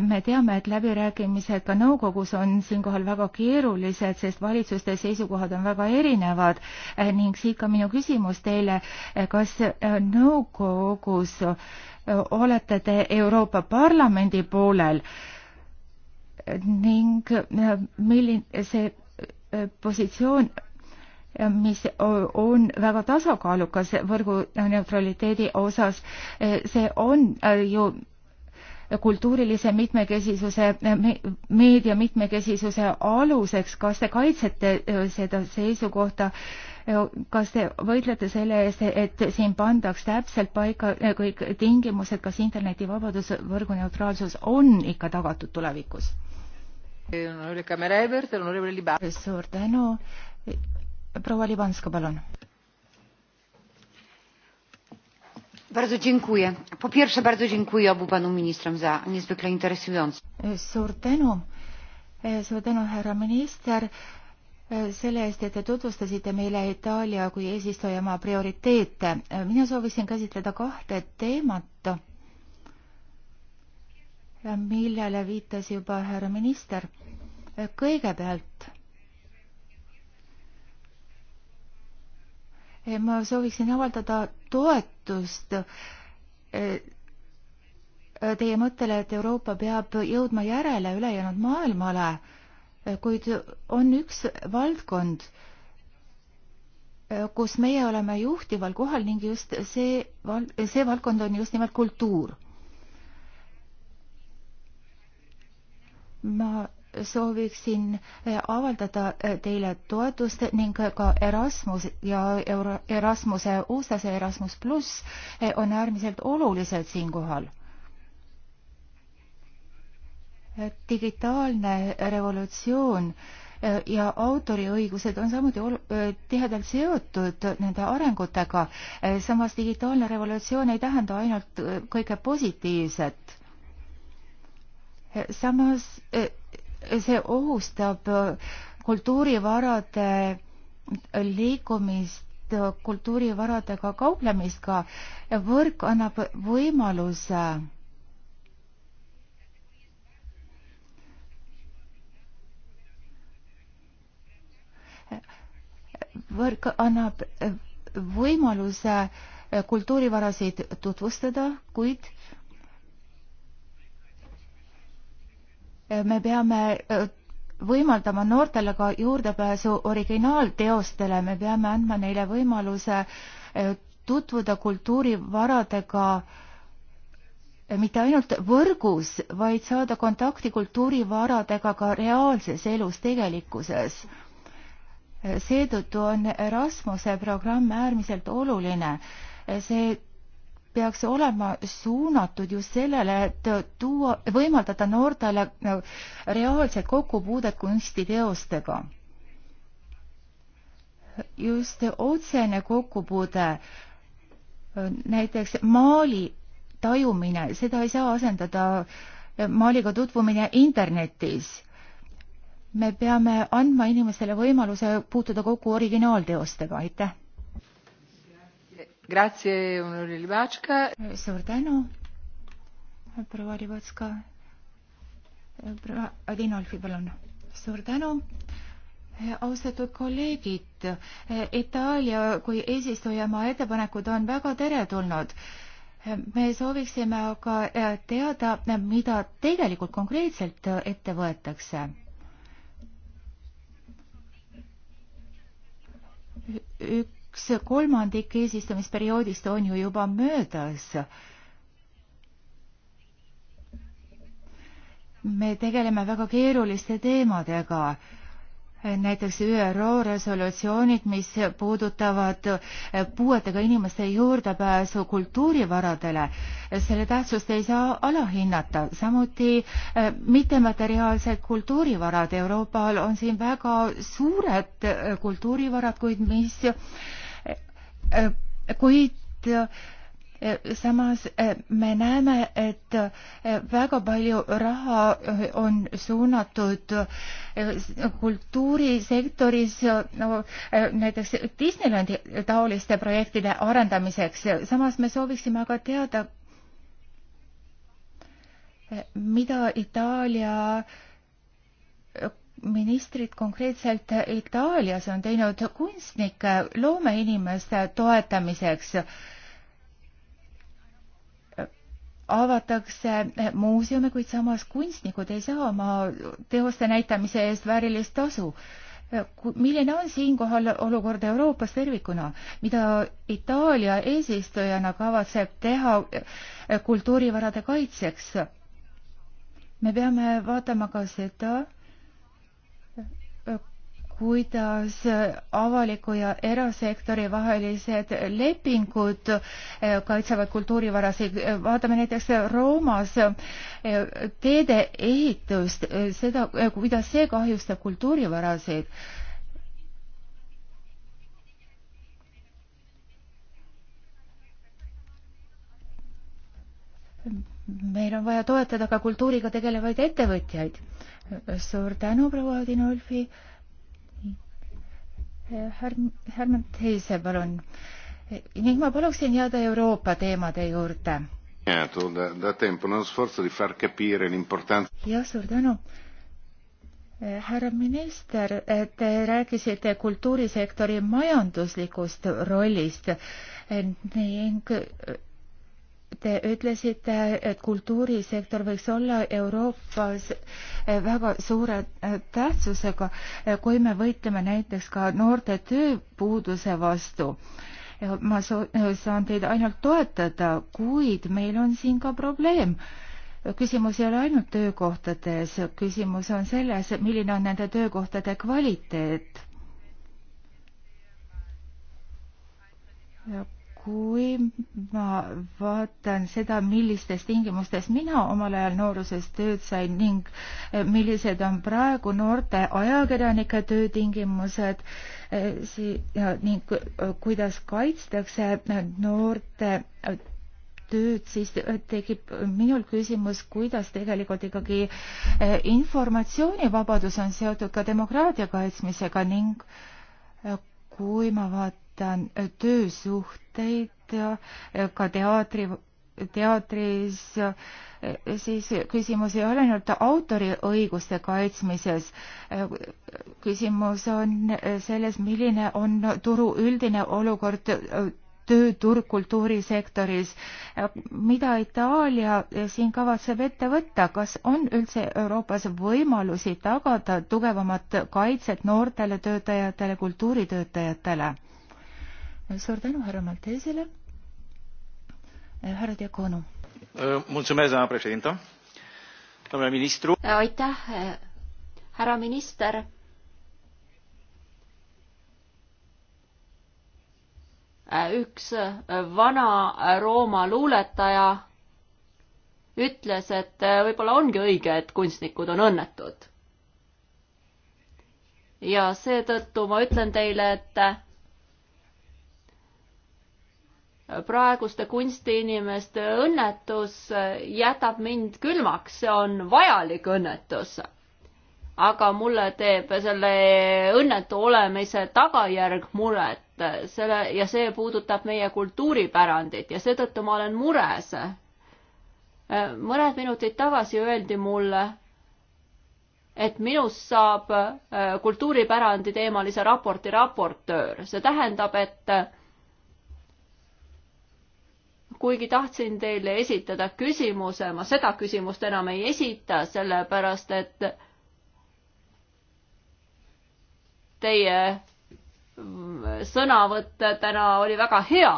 me teame, et läbirääkimised ka nõukogus on siinkohal väga keerulised, sest valitsuste seisukohad on väga erinevad ning siit ka minu küsimus teile, kas nõukogus olete te Euroopa Parlamendi poolel ning äh, milline see äh, positsioon, äh, mis on väga tasakaalukas võrgu neutraliteedi osas, see on ju kultuurilise mitmekesisuse, meedia mitmekesisuse aluseks, kas te kaitsete seda seisukohta, kas te võitlete selle eest, et siin pandaks täpselt paika kõik tingimused, kas internetivabadus, võrguneutraalsus on ikka tagatud tulevikus? suur tänu. proua Libanska, palun. Bardzo dziękuję. Po pierwsze bardzo dziękuję obu panu ministrom za niezwykle interesujące. Suur tänu. Suur tänu, härra minister selle eest, et te tutvustasite meile Itaalia kui eesistujamaa prioriteete. mina sooviksin käsitleda kahte teemat, millele viitas juba härra minister kõigepealt eh, ma sooviksin avaldada toetust eh, teie mõttele, et Euroopa peab jõudma järele ülejäänud maailmale, eh, kuid on üks valdkond, kus meie oleme juhtival kohal ning just see, see valdkond on just nimelt kultuur. ma sooviksin eh, avaldada eh, teile toetust ning ka Erasmus ja Euro Erasmuse uustase Erasmus pluss eh, on äärmiselt olulised siinkohal. digitaalne revolutsioon ja autoriõigused on samuti tihedalt seotud nende arengutega. samas digitaalne revolutsioon ei tähenda ainult kõige positiivset. samas see ohustab äh, kultuurivarade liikumist, äh, kultuurivaradega kauplemist ka. võrk annab võimaluse võrk annab äh, võimaluse kultuurivarasid tutvustada, kuid me peame võimaldama noortele ka juurdepääsu originaalteostele, me peame andma neile võimaluse tutvuda kultuurivaradega e, mitte ainult võrgus, vaid saada kontakti kultuurivaradega ka reaalses elus, tegelikkuses. E, seetõttu on Erasmuse programm äärmiselt oluline. E, see peaks olema suunatud ju sellele, et tuua, võimaldada noortele äh, reaalset kokkupuudet kunstiteostega. just otsene kokkupuude, äh, näiteks maali tajumine, seda ei saa asendada äh, maaliga tutvumine internetis. me peame andma inimestele võimaluse puutuda kokku originaalteostega, aitäh! suur tänu, proua Libatska. proua Adinolfi, palun. suur tänu austatud kolleegid, Itaalia kui eesistujamaa ettepanekud on väga teretulnud. me sooviksime aga teada, mida tegelikult konkreetselt ette võetakse. üks üks kolmandik eesistumisperioodist on ju juba möödas. me tegeleme väga keeruliste teemadega näiteks ÜRO resolutsioonid, mis puudutavad puuetega inimeste juurdepääsu kultuurivaradele, selle tähtsust ei saa alahinnata, samuti eh, mittemateriaalsed kultuurivarad, Euroopal on siin väga suured eh, kultuurivarad, kuid mis Äh, kuid äh, samas äh, me näeme, et väga palju raha on suunatud kultuurisektoris no, näiteks Disneylandi taoliste projektide arendamiseks. samas me sooviksime aga teada, mida Itaalia ministrid konkreetselt Itaalias on teinud kunstnike loomeinimeste toetamiseks. avatakse muuseume, kuid samas kunstnikud ei saa oma teoste näitamise eest väärilist tasu. milline on siinkohal olukord Euroopas tervikuna, mida Itaalia eesistujana kavatseb teha kultuurivarade kaitseks? me peame vaatama ka seda, kuidas avaliku ja erasektori vahelised lepingud eh, kaitsevad kultuurivarasid. vaatame näiteks Roomas eh, teede ehitust, eh, seda, kuidas see kahjustab kultuurivarasid. meil on vaja toetada ka kultuuriga tegelevaid ettevõtjaid. suur tänu, proua Adinolfi Härmen Teise, palun. ning ma paluksin jääda Euroopa teemade juurde. jah, suur tänu härra minister, te rääkisite kultuurisektori majanduslikust rollist ning Te ütlesite, et kultuurisektor võiks olla Euroopas eh, väga suure eh, tähtsusega, eh, kui me võitleme näiteks ka noorte tööpuuduse vastu. ma saan teid ainult toetada, kuid meil on siin ka probleem küsimus ei ole ainult töökohtades, küsimus on selles, milline on nende töökohtade kvaliteet kui ma vaatan seda, millistes tingimustes mina omal ajal nooruses tööd sain ning eh, millised on praegu noorte ajakirjanike töötingimused eh, ning eh, kuidas kaitstakse noorte tööd, siis tekib minul küsimus, kuidas tegelikult ikkagi informatsioonivabadus on seotud ka demokraatia kaitsmisega ning kui ma vaatan mõtlen töösuhteid ka teatri, teatris, siis küsimus ei ole ainult autoriõiguste kaitsmises. küsimus on selles, milline on turu üldine olukord tööturg kultuurisektoris. mida Itaalia siin kavatseb ette võtta, kas on üldse Euroopas võimalusi tagada tugevamat kaitset noortele töötajatele, kultuuritöötajatele? suur tänu, härra Maltesele. Eh, härra Diakonu. Eh, eh, aitäh, härra minister üks vana Rooma luuletaja ütles, et võib-olla ongi õige, et kunstnikud on õnnetud. ja seetõttu ma ütlen teile, et praeguste kunstiinimeste õnnetus jätab mind külmaks, see on vajalik õnnetus. aga mulle teeb selle õnnetu olemise tagajärg muret, selle ja see puudutab meie kultuuripärandit ja seetõttu ma olen mures. mõned minutid tagasi öeldi mulle, et minust saab kultuuripärandi teemalise raporti raportöör, see tähendab, et kuigi tahtsin teile esitada küsimuse, ma seda küsimust enam ei esita, sellepärast et teie sõnavõtt täna oli väga hea.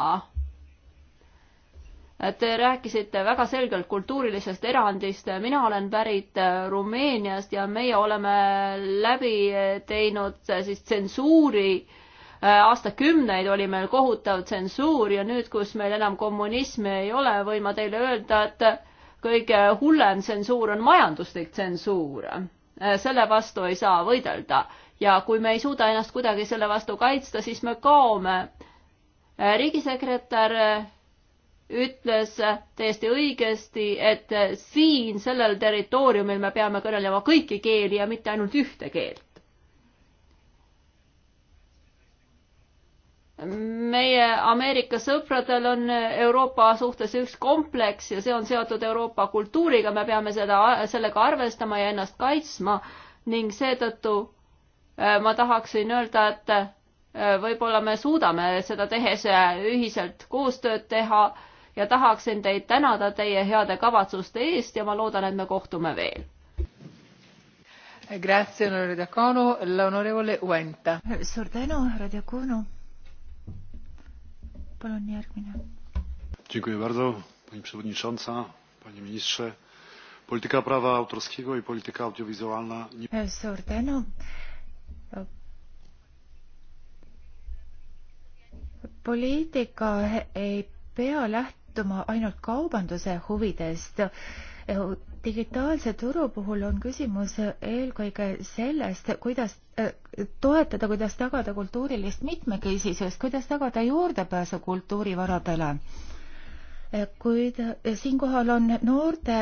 Te rääkisite väga selgelt kultuurilisest erandist, mina olen pärit Rumeeniast ja meie oleme läbi teinud siis tsensuuri äh, aastakümneid oli meil kohutav tsensuur ja nüüd, kus meil enam kommunismi ei ole, võin ma teile öelda, et kõige hullem tsensuur on majanduslik tsensuur. selle vastu ei saa võidelda ja kui me ei suuda ennast kuidagi selle vastu kaitsta, siis me kaome. riigisekretär ütles täiesti õigesti, et siin sellel territooriumil me peame kõnelema kõiki keeli ja mitte ainult ühte keelt meie Ameerika sõpradel on Euroopa suhtes üks kompleks ja see on seotud Euroopa kultuuriga, me peame seda, sellega arvestama ja ennast kaitsma ning seetõttu äh, ma tahaksin öelda, et äh, võib-olla me suudame seda tehes äh, ühiselt koostööd teha ja tahaksin teid tänada teie heade kavatsuste eest ja ma loodan, et me kohtume veel Grazie, onorevole Diacono. L'onorevole Uenta. Suur tänu, härra Diacono palun järgmine. Dziękuję bardzo, pani przewodnicząca, panie ministrze. Polityka prawa autorskiego i polityka audiowizualna. E, Suur tänu. poliitika ei pea lähtuma ainult kaubanduse huvidest digitaalse turu puhul on küsimus eelkõige sellest, kuidas eh, toetada, kuidas tagada kultuurilist mitmekesisust, kuidas tagada juurdepääsu kultuurivaradele. Eh, kuid eh, siinkohal on noorte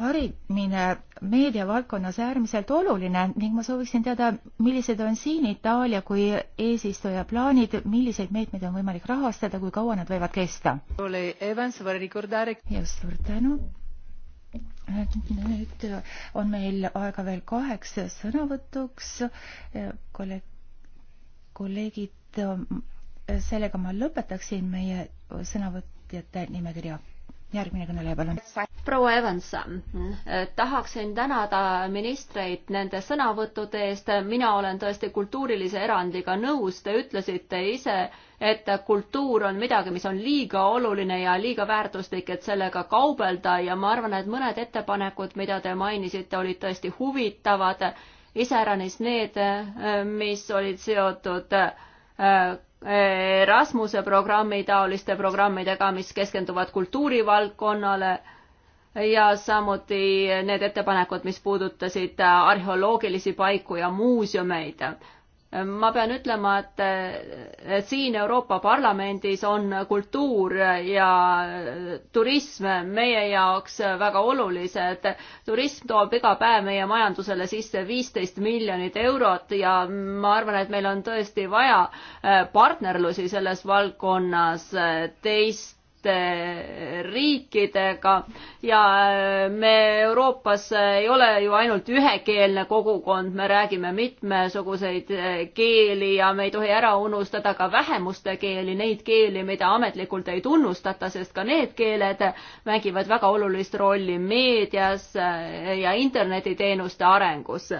harimine meediavaldkonnas äärmiselt oluline ning ma sooviksin teada, millised on siin Itaalia kui eesistuja plaanid, milliseid meetmeid on võimalik rahastada, kui kaua nad võivad kesta? just, suur tänu nüüd on meil aega veel kaheks sõnavõtuks. kolleeg, kolleegid, sellega ma lõpetaksin meie sõnavõtjate nimekirja järgmine kõneleja, palun. proua Evans, eh, tahaksin tänada ministreid nende sõnavõttude eest, mina olen tõesti kultuurilise erandiga nõus, te ütlesite ise, et kultuur on midagi, mis on liiga oluline ja liiga väärtuslik, et sellega kaubelda ja ma arvan, et mõned ettepanekud, mida te mainisite, olid tõesti huvitavad, iseäranis need, eh, mis olid seotud eh, Rasmuse programmi taoliste programmidega, mis keskenduvad kultuurivaldkonnale ja samuti need ettepanekud, mis puudutasid arheoloogilisi paiku ja muuseumeid ma pean ütlema, et siin Euroopa Parlamendis on kultuur ja turism meie jaoks väga olulised. turism toob iga päev meie majandusele sisse viisteist miljonit eurot ja ma arvan, et meil on tõesti vaja eh, partnerlusi selles valdkonnas teist teiste riikidega ja äh, me Euroopas ei ole ju ainult ühekeelne kogukond, me räägime mitmesuguseid äh, keeli ja me ei tohi ära unustada ka vähemuste keeli, neid keeli, mida ametlikult ei tunnustata, sest ka need keeled mängivad väga olulist rolli meedias äh, ja internetiteenuste arengus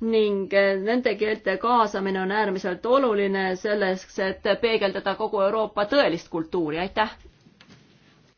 ning nende keelte kaasamine on äärmiselt oluline selleks, et peegeldada kogu Euroopa tõelist kultuuri, aitäh!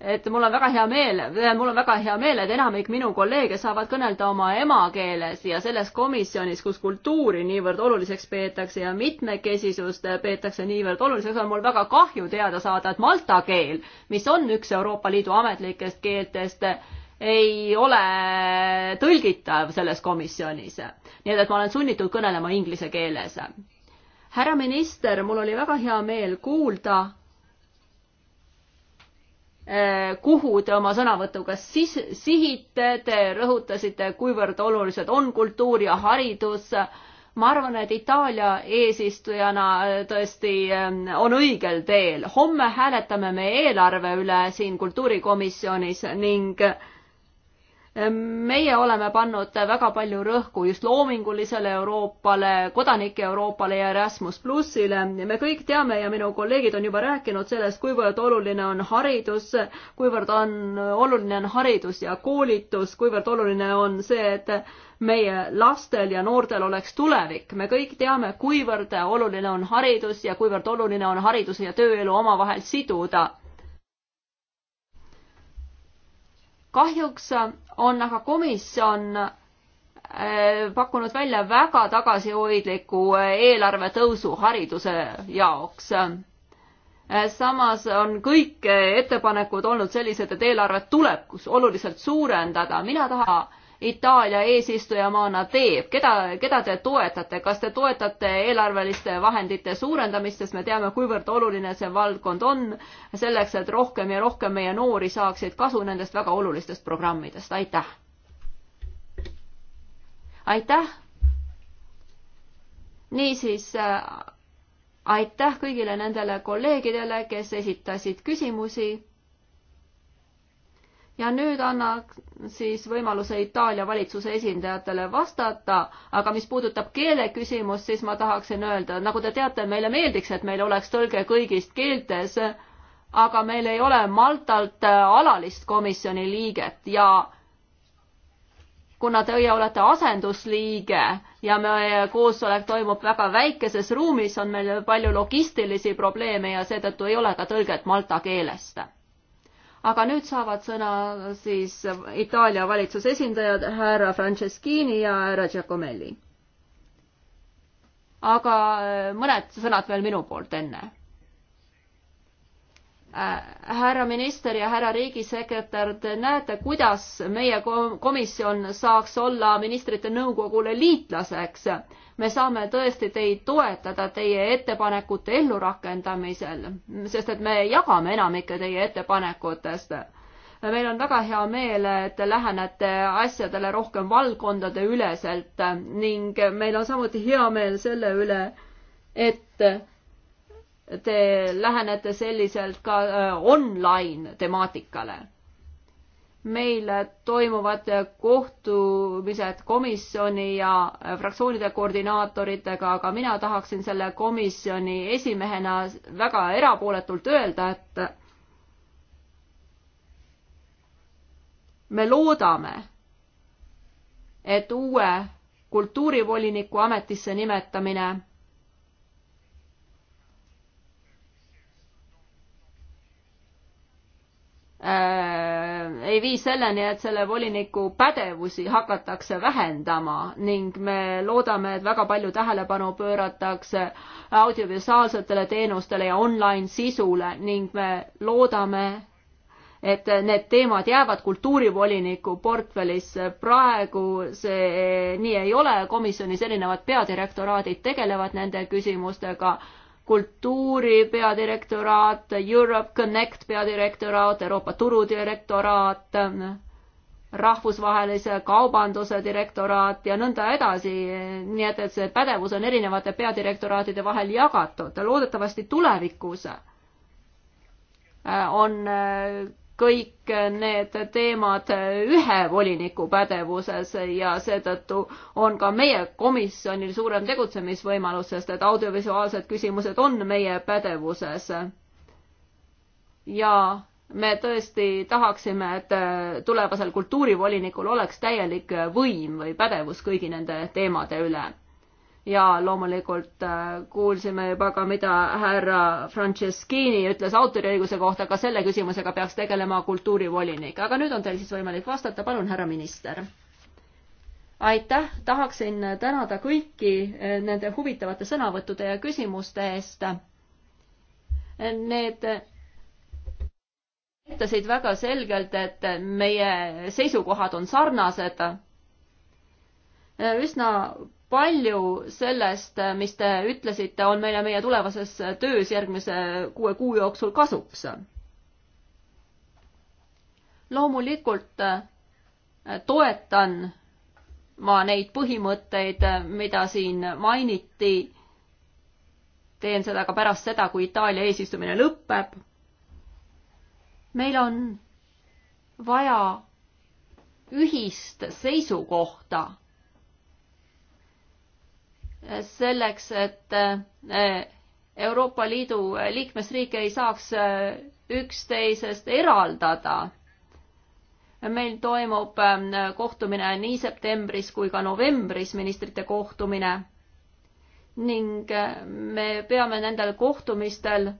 et mul on väga hea meel, mul on väga hea meel, et enamik minu kolleege saavad kõnelda oma emakeeles ja selles komisjonis, kus kultuuri niivõrd oluliseks peetakse ja mitmekesisust peetakse niivõrd oluliseks, on mul väga kahju teada saada, et malta keel, mis on üks Euroopa Liidu ametlikest keeltest, ei ole tõlgitav selles komisjonis. nii et, et ma olen sunnitud kõnelema inglise keeles. härra minister, mul oli väga hea meel kuulda, Eh, kuhu te oma sõnavõtuga sis-, sihite, te rõhutasite, kuivõrd olulised on kultuur ja haridus. ma arvan, et Itaalia eesistujana eh, tõesti eh, on õigel teel. homme hääletame me eelarve üle siin kultuurikomisjonis ning äh, meie oleme pannud väga palju rõhku just loomingulisele Euroopale, kodanike Euroopale ja Erasmus plussile. me kõik teame ja minu kolleegid on juba rääkinud sellest, kuivõrd oluline on haridus, kuivõrd on, oluline on haridus ja koolitus, kuivõrd oluline on see, et meie lastel ja noortel oleks tulevik. me kõik teame, kuivõrd oluline on haridus ja kuivõrd oluline on hariduse ja tööelu omavahel siduda kahjuks on aga komisjon äh, pakkunud välja väga tagasihoidliku äh, eelarve tõusu hariduse jaoks. Äh, samas on kõik ettepanekud olnud sellised, et eelarvet tuleb oluliselt suurendada. mina tahan Itaalia eesistujamaana teeb, keda, keda te toetate, kas te toetate eelarveliste vahendite suurendamist, sest me teame, kuivõrd oluline see valdkond on selleks, et rohkem ja rohkem meie noori saaksid kasu nendest väga olulistest programmidest, aitäh. aitäh. niisiis äh, aitäh kõigile nendele kolleegidele, kes esitasid küsimusi ja nüüd annan siis võimaluse Itaalia valitsuse esindajatele vastata, aga mis puudutab keeleküsimust, siis ma tahaksin öelda, nagu te teate, meile meeldiks, et meil oleks tõlge kõigist keeltes, aga meil ei ole Maltalt äh, alalist komisjoni liiget ja kuna teie olete asendusliige ja meie koosolek toimub väga väikeses ruumis, on meil palju logistilisi probleeme ja seetõttu ei ole ka tõlget malta keelest aga nüüd saavad sõna siis Itaalia valitsuse esindajad härra Franceschini ja härra Giacomelli. aga äh, mõned sõnad veel minu poolt enne äh, härra minister ja härra riigisekretär, te näete, kuidas meie komisjon saaks olla ministrite nõukogule liitlaseks me saame tõesti teid toetada teie ettepanekute ellurakendamisel, sest et me jagame enamike teie ettepanekutest meil on väga hea meel, et te lähenete asjadele rohkem valdkondade üleselt ning meil on samuti hea meel selle üle, et te lähenete selliselt ka äh, online temaatikale meil toimuvad kohtumised komisjoni ja fraktsioonide koordinaatoritega, aga mina tahaksin selle komisjoni esimehena väga erapooletult öelda, et me loodame, et uue kultuurivoliniku ametisse nimetamine äh, ei vii selleni, et selle voliniku pädevusi hakatakse vähendama ning me loodame, et väga palju tähelepanu pööratakse audiovisuaalsetele teenustele ja online sisule ning me loodame, et need teemad jäävad kultuurivoliniku portfellisse. praegu see nii ei ole, komisjonis erinevad peadirektoraadid tegelevad nende küsimustega kultuuri peadirektoraat, Europe Connect peadirektoraat, Euroopa turudirektoraat, rahvusvahelise kaubanduse direktoraat ja nõnda edasi. nii et, et see pädevus on erinevate peadirektoraatide vahel jagatud. loodetavasti tulevikus äh, on äh, kõik need teemad ühe voliniku pädevuses ja seetõttu on ka meie komisjonil suurem tegutsemisvõimalus, sest et audiovisuaalsed küsimused on meie pädevuses. ja me tõesti tahaksime, et tulevasel kultuurivolinikul oleks täielik võim või pädevus kõigi nende teemade üle ja loomulikult äh, kuulsime juba ka, mida härra Franceschini ütles autoriõiguse kohta, ka selle küsimusega peaks tegelema kultuurivolinik, aga nüüd on teil siis võimalik vastata, palun, härra minister. aitäh, tahaksin tänada kõiki äh, nende huvitavate sõnavõttude ja küsimuste eest. Need näitasid väga selgelt, et meie seisukohad on sarnased üsna palju sellest, äh, mis te ütlesite, on meile meie tulevases töös järgmise kuue kuu jooksul kasuks. loomulikult äh, toetan ma neid põhimõtteid, äh, mida siin mainiti. teen seda ka pärast seda, kui Itaalia eesistumine lõpeb. meil on vaja ühist seisukohta selleks, et eh, Euroopa Liidu liikmesriike ei saaks eh, üksteisest eraldada. meil toimub eh, kohtumine nii septembris kui ka novembris, ministrite kohtumine. ning me peame nendel kohtumistel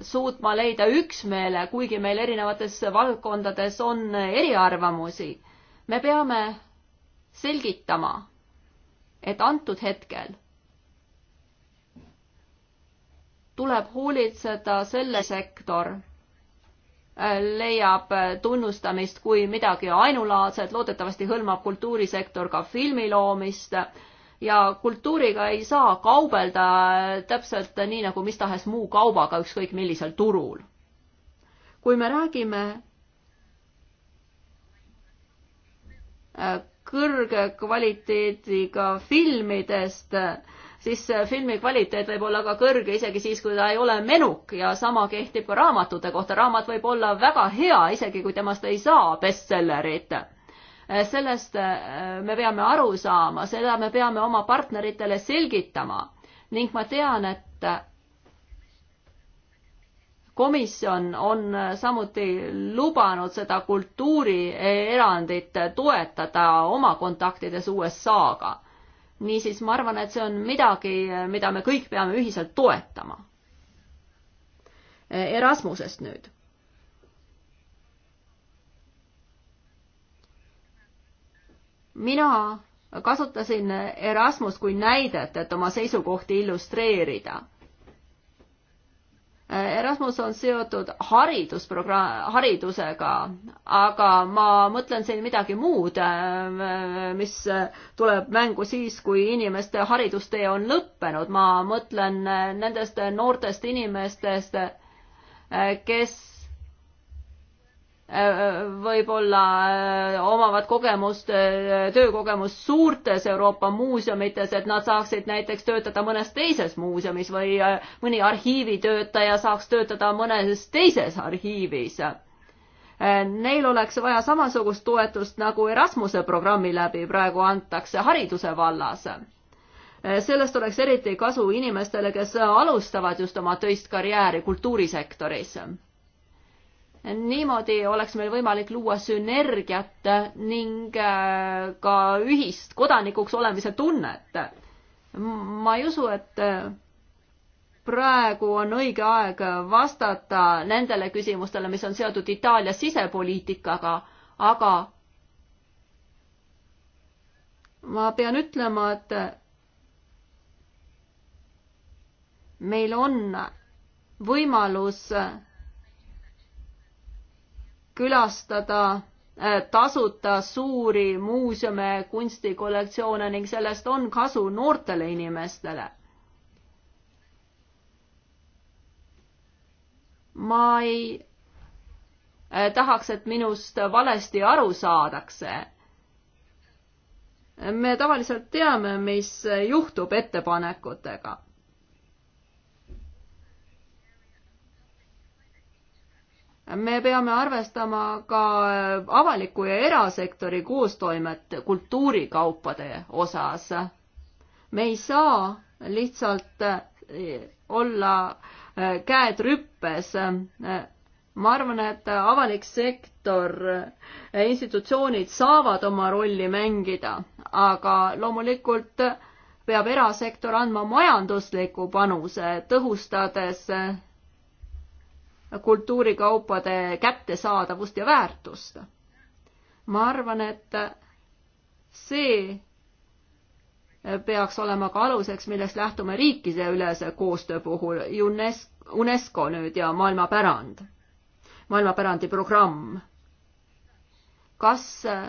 suutma leida üksmeele, kuigi meil erinevates valdkondades on eriarvamusi me peame selgitama, et antud hetkel tuleb hoolitseda selle sektor, äh, leiab äh, tunnustamist kui midagi ainulaadset, loodetavasti hõlmab kultuurisektor ka filmi loomist ja kultuuriga ei saa kaubelda äh, täpselt nii nagu mis tahes muu kaubaga, ükskõik millisel turul. kui me räägime kõrge kvaliteediga filmidest, siis filmi kvaliteet võib olla ka kõrge isegi siis, kui ta ei ole menuk ja sama kehtib ka raamatute kohta. raamat võib olla väga hea, isegi kui temast ei saa bestsellerit. sellest äh, me peame aru saama, seda me peame oma partneritele selgitama ning ma tean, et komisjon on samuti lubanud seda kultuurierandit toetada oma kontaktides USA-ga. niisiis, ma arvan, et see on midagi, mida me kõik peame ühiselt toetama. Erasmusest nüüd. mina kasutasin Erasmus kui näidet, et oma seisukohti illustreerida Erasmus on seotud haridusprogramm, haridusega, aga ma mõtlen siin midagi muud, mis tuleb mängu siis, kui inimeste haridustee on lõppenud. ma mõtlen nendest noortest inimestest, kes võib-olla äh, omavad kogemust, äh, töökogemust suurtes Euroopa muuseumites, et nad saaksid näiteks töötada mõnes teises muuseumis või äh, mõni arhiivitöötaja saaks töötada mõnes teises arhiivis. Neil oleks vaja samasugust toetust nagu Erasmuse programmi läbi praegu antakse hariduse vallas. sellest oleks eriti kasu inimestele, kes alustavad just oma töist karjääri kultuurisektoris niimoodi oleks meil võimalik luua sünergiat ning äh, ka ühist kodanikuks olemise tunnet. ma ei usu, et äh, praegu on õige aeg vastata nendele küsimustele, mis on seotud Itaalia sisepoliitikaga, aga ma pean ütlema, et meil on võimalus külastada äh, tasuta suuri muuseume, kunstikollektsioone ning sellest on kasu noortele inimestele. ma ei äh, tahaks, et minust valesti aru saadakse. me tavaliselt teame, mis juhtub ettepanekutega me peame arvestama ka äh, avaliku ja erasektori koostoimet kultuurikaupade osas. me ei saa lihtsalt äh, olla äh, käed rüppes. ma arvan, et avalik sektor, institutsioonid saavad oma rolli mängida, aga loomulikult peab erasektor andma majandusliku panuse, tõhustades kultuurikaupade kättesaadavust ja väärtust. ma arvan, et see peaks olema ka aluseks, millest lähtume riikideülese koostöö puhul UNESCO, UNESCO nüüd ja maailmapärand, maailmapärandi programm. kas eh,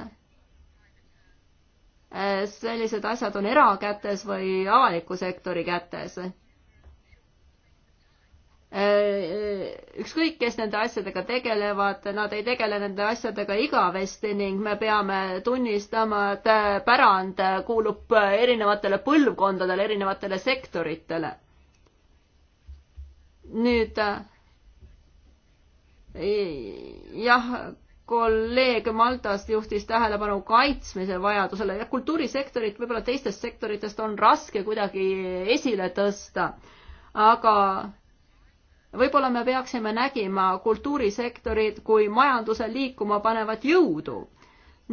sellised asjad on erakätes või avaliku sektori kätes? Äh, ükskõik, kes nende asjadega tegelevad, nad ei tegele nende asjadega igavesti ning me peame tunnistama, et äh, pärand kuulub erinevatele põlvkondadele, erinevatele sektoritele. nüüd äh, jah, kolleeg Maltast juhtis tähelepanu kaitsmise vajadusele ja kultuurisektorit võib-olla teistest sektoritest on raske kuidagi esile tõsta, aga võib-olla me peaksime nägima kultuurisektorit kui majanduse liikuma panevat jõudu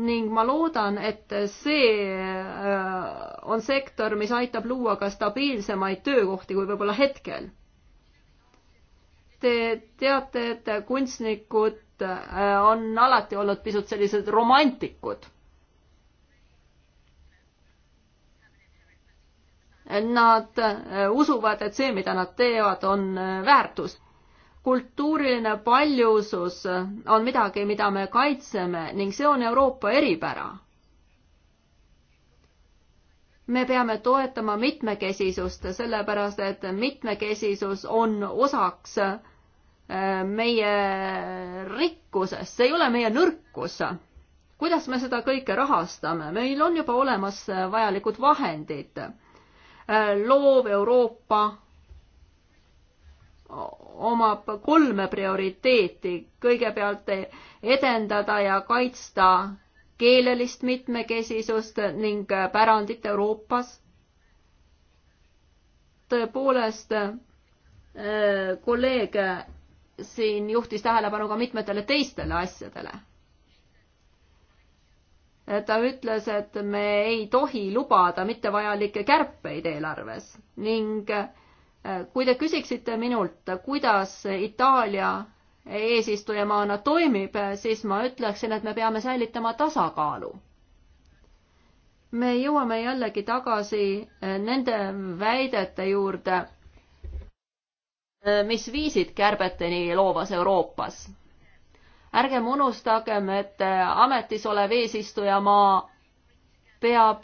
ning ma loodan, et see äh, on sektor, mis aitab luua ka stabiilsemaid töökohti kui võib-olla hetkel. Te teate, et kunstnikud äh, on alati olnud pisut sellised romantikud Nad eh, usuvad, et see, mida nad teevad, on eh, väärtus. kultuuriline paljusus eh, on midagi, mida me kaitseme ning see on Euroopa eripära. me peame toetama mitmekesisust, sellepärast et mitmekesisus on osaks meie rikkusest, see ei ole meie nõrkus. kuidas me seda kõike rahastame, meil on juba olemas vajalikud vahendid Äh, loov Euroopa omab kolme prioriteeti. kõigepealt edendada ja kaitsta keelelist mitmekesisust ning pärandit Euroopas. tõepoolest, äh, kolleeg siin juhtis tähelepanu ka mitmetele teistele asjadele ta ütles, et me ei tohi lubada mittevajalikke kärpeid eelarves ning äh, kui te küsiksite minult, kuidas Itaalia eesistujamaana toimib, siis ma ütleksin, et me peame säilitama tasakaalu. me jõuame jällegi tagasi äh, nende väidete juurde, äh, mis viisid kärbeteni loovas Euroopas ärgem unustagem, et äh, ametis olev eesistujamaa peab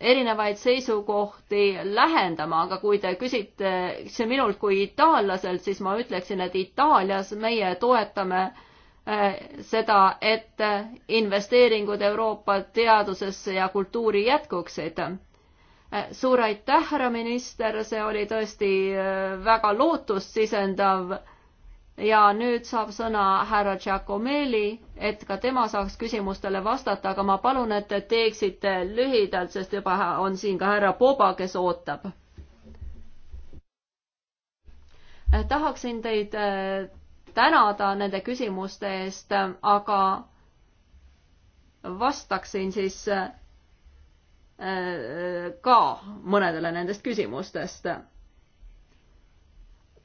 erinevaid seisukohti lähendama, aga kui te küsite see minult kui itaallaselt, siis ma ütleksin, et Itaalias meie toetame äh, seda, et äh, investeeringud Euroopa teadusesse ja kultuuri jätkuksid. suur aitäh, härra minister, see oli tõesti väga lootust sisendav ja nüüd saab sõna härra Giacomelli, et ka tema saaks küsimustele vastata, aga ma palun, et te teeksite lühidalt, sest juba on siin ka härra Poba, kes ootab. tahaksin teid äh, tänada nende küsimuste eest, aga vastaksin siis äh, äh, ka mõnedele nendest küsimustest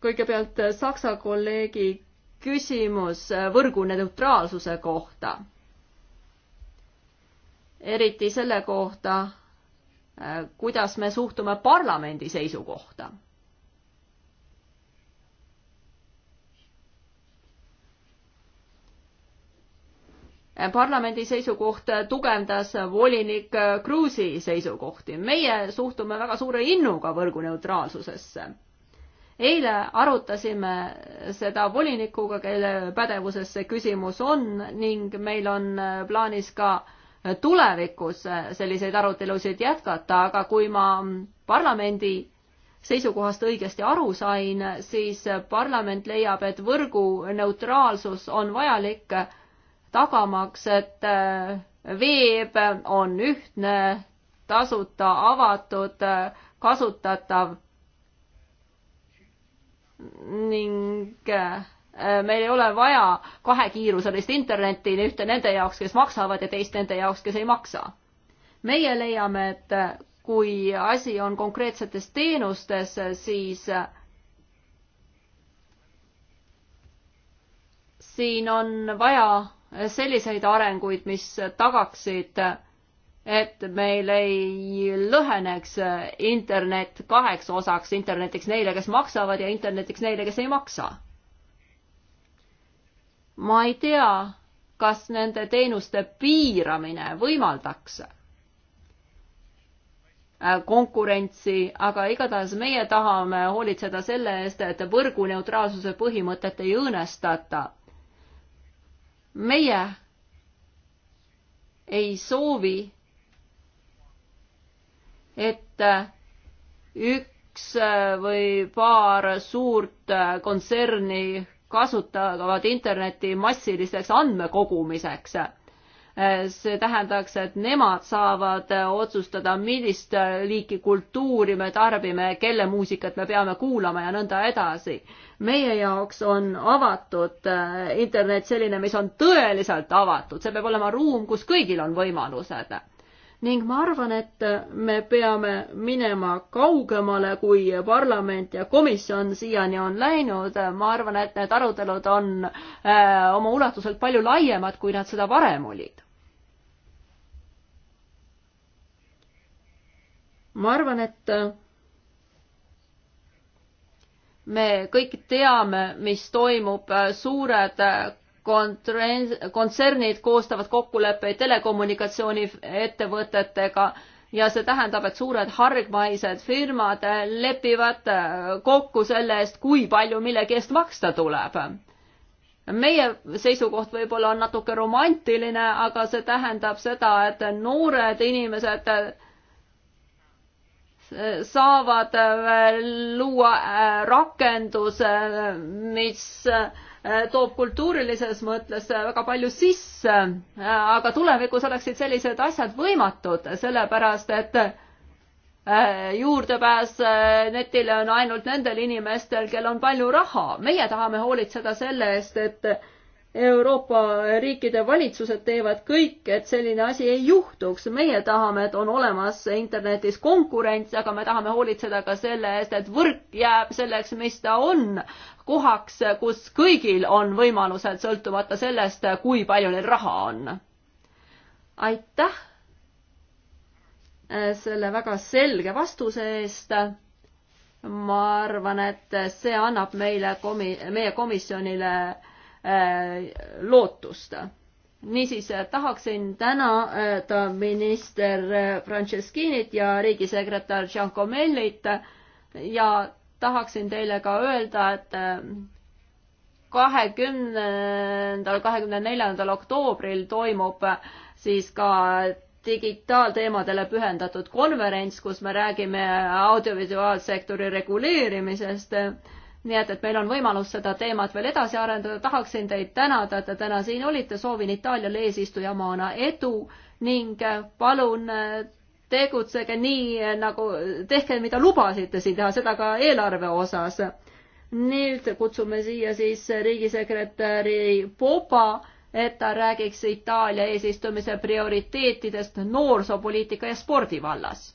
kõigepealt äh, Saksa kolleegi küsimus äh, võrguneutraalsuse kohta. eriti selle kohta, äh, kuidas me suhtume parlamendi seisukohta parlamendi seisukoht tugevdas volinik Kruusi seisukohti. meie suhtume väga suure innuga võrguneutraalsusesse eile arutasime seda volinikuga, kelle pädevuses see küsimus on ning meil on plaanis ka tulevikus selliseid arutelusid jätkata, aga kui ma parlamendi seisukohast õigesti aru sain, siis parlament leiab, et võrgu neutraalsus on vajalik tagamaks, et äh, veeb on ühtne, tasuta, avatud, kasutatav ning äh, meil ei ole vaja kahekiiruselist internetti, ühte nende jaoks, kes maksavad ja teist nende jaoks, kes ei maksa. meie leiame, et äh, kui asi on konkreetsetes teenustes, äh, siis siin on vaja selliseid arenguid, mis tagaksid et meil ei lõheneks internet kaheks osaks, internetiks neile, kes maksavad ja internetiks neile, kes ei maksa. ma ei tea, kas nende teenuste piiramine võimaldaks konkurentsi, aga igatahes meie tahame hoolitseda selle eest, et võrguneutraalsuse põhimõtet ei õõnestata. meie ei soovi et äh, üks äh, või paar suurt äh, kontserni kasutavad Internetti massiliseks andmekogumiseks. see tähendaks, et nemad saavad otsustada, millist liiki kultuuri me tarbime, kelle muusikat me peame kuulama ja nõnda edasi. meie jaoks on avatud internet selline, mis on tõeliselt avatud, see peab olema ruum, kus kõigil on võimalused ning ma arvan, et me peame minema kaugemale, kui parlament ja komisjon siiani on läinud. ma arvan, et need arutelud on äh, oma ulatuselt palju laiemad, kui nad seda varem olid. ma arvan, et äh, me kõik teame, mis toimub, äh, suured äh, kontsernid koostavad kokkuleppeid telekommunikatsiooniettevõtetega ja see tähendab, et suured hargmaised firmad lepivad äh, kokku selle eest, kui palju millegi eest maksta tuleb. meie seisukoht võib-olla on natuke romantiline, aga see tähendab seda, et noored inimesed äh, saavad äh, luua rakenduse, mis Äh, toob kultuurilises mõttes äh, väga palju sisse, äh, aga tulevikus oleksid sellised asjad võimatud, sellepärast et juurdepääs netile on ainult nendel inimestel, kel on palju raha. meie tahame hoolitseda selle eest, et Euroopa riikide valitsused teevad kõik, et selline asi ei juhtuks. meie tahame, et on olemas internetis konkurents, aga me tahame hoolitseda ka selle eest, et võrk jääb selleks, mis ta on, kohaks, kus kõigil on võimalused, sõltumata sellest, kui palju neil raha on. aitäh selle väga selge vastuse eest ma arvan, et see annab meile komi-, meie komisjonile Äh, lootust. niisiis äh, tahaksin tänada äh, minister Franceschinit ja riigisekretär Giacomellit ja tahaksin teile ka öelda, et kahekümnendal, kahekümne neljandal oktoobril toimub siis ka digitaalteemadele pühendatud konverents, kus me räägime audiovisuaalsektori reguleerimisest nii et, et meil on võimalus seda teemat veel edasi arendada, tahaksin teid tänada, et te täna siin olite, soovin Itaaliale eesistujamaana edu ning palun eh, tegutsege nii, eh, nagu tehke, mida lubasite siin teha, seda ka eelarve osas. nüüd kutsume siia siis riigisekretäri Popa, et ta räägiks Itaalia eesistumise prioriteetidest noorsoopoliitika ja spordi vallas.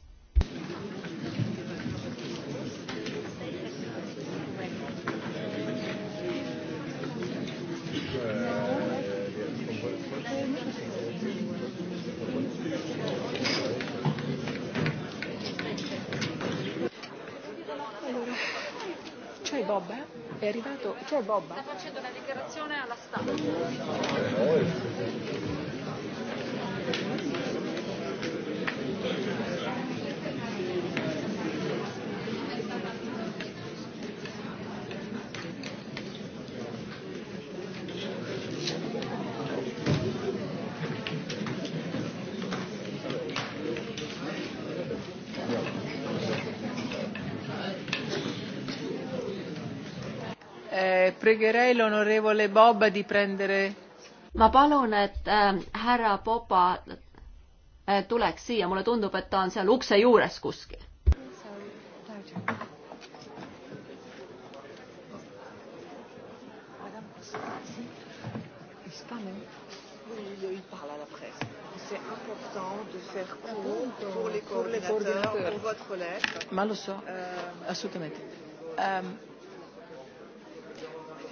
Dov'è Bobba? Eh? È arrivato? C'è Bobba? Sta facendo una dichiarazione alla stampa. pregherei l'onorevole Bob di prendere. ma palun, et äh, härra Boba äh, tuleks siia, mulle tundub, et ta on seal ukse juures kuskil. il parle à la presse. C'est important de faire court pour les coordinateurs, pour votre lettre. Ma lo so, euh, assolutamente. Euh,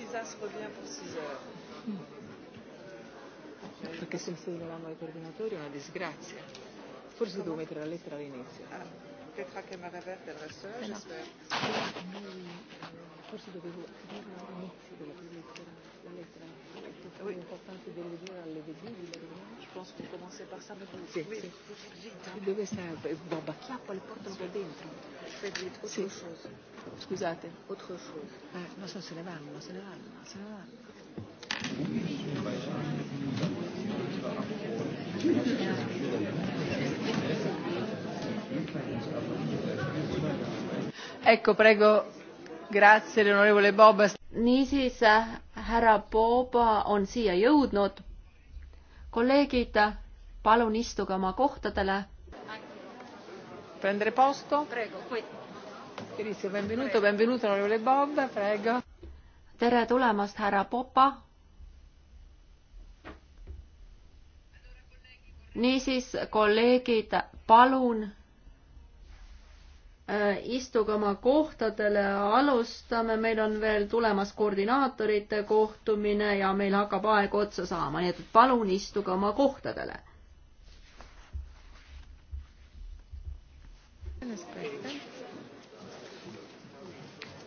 Fisas revient pour 6 heures. Mm. Perché senza il ramo dei coordinatori è una disgrazia. Forse Come? devo mettere la lettera all'inizio. Ah, Petra Kemarever del resto, eh, no. Forse dovevo dirla all'inizio della lettera. Oui. Je pense que commencer par ça, mais vous sì, sì. dove sta Boba Chiappa le portano qua dentro. Sì. Scusate. Autre chose. Eh, non so se ne vanno, se ne vanno, se ne vanno. Ecco, prego. Grazie, l'onorevole Bob. Niisiis härra Booba on siia jõudnud. kolleegid, palun istuge oma kohtadele. Prendere posto. Benvenuto, benvenuto, onorevole Bob, prego. tere tulemast, härra Popa. niisiis, kolleegid, palun Äh, istuge oma kohtadele, alustame, meil on veel tulemas koordinaatorite kohtumine ja meil hakkab aeg otsa saama, nii et palun istuge oma kohtadele.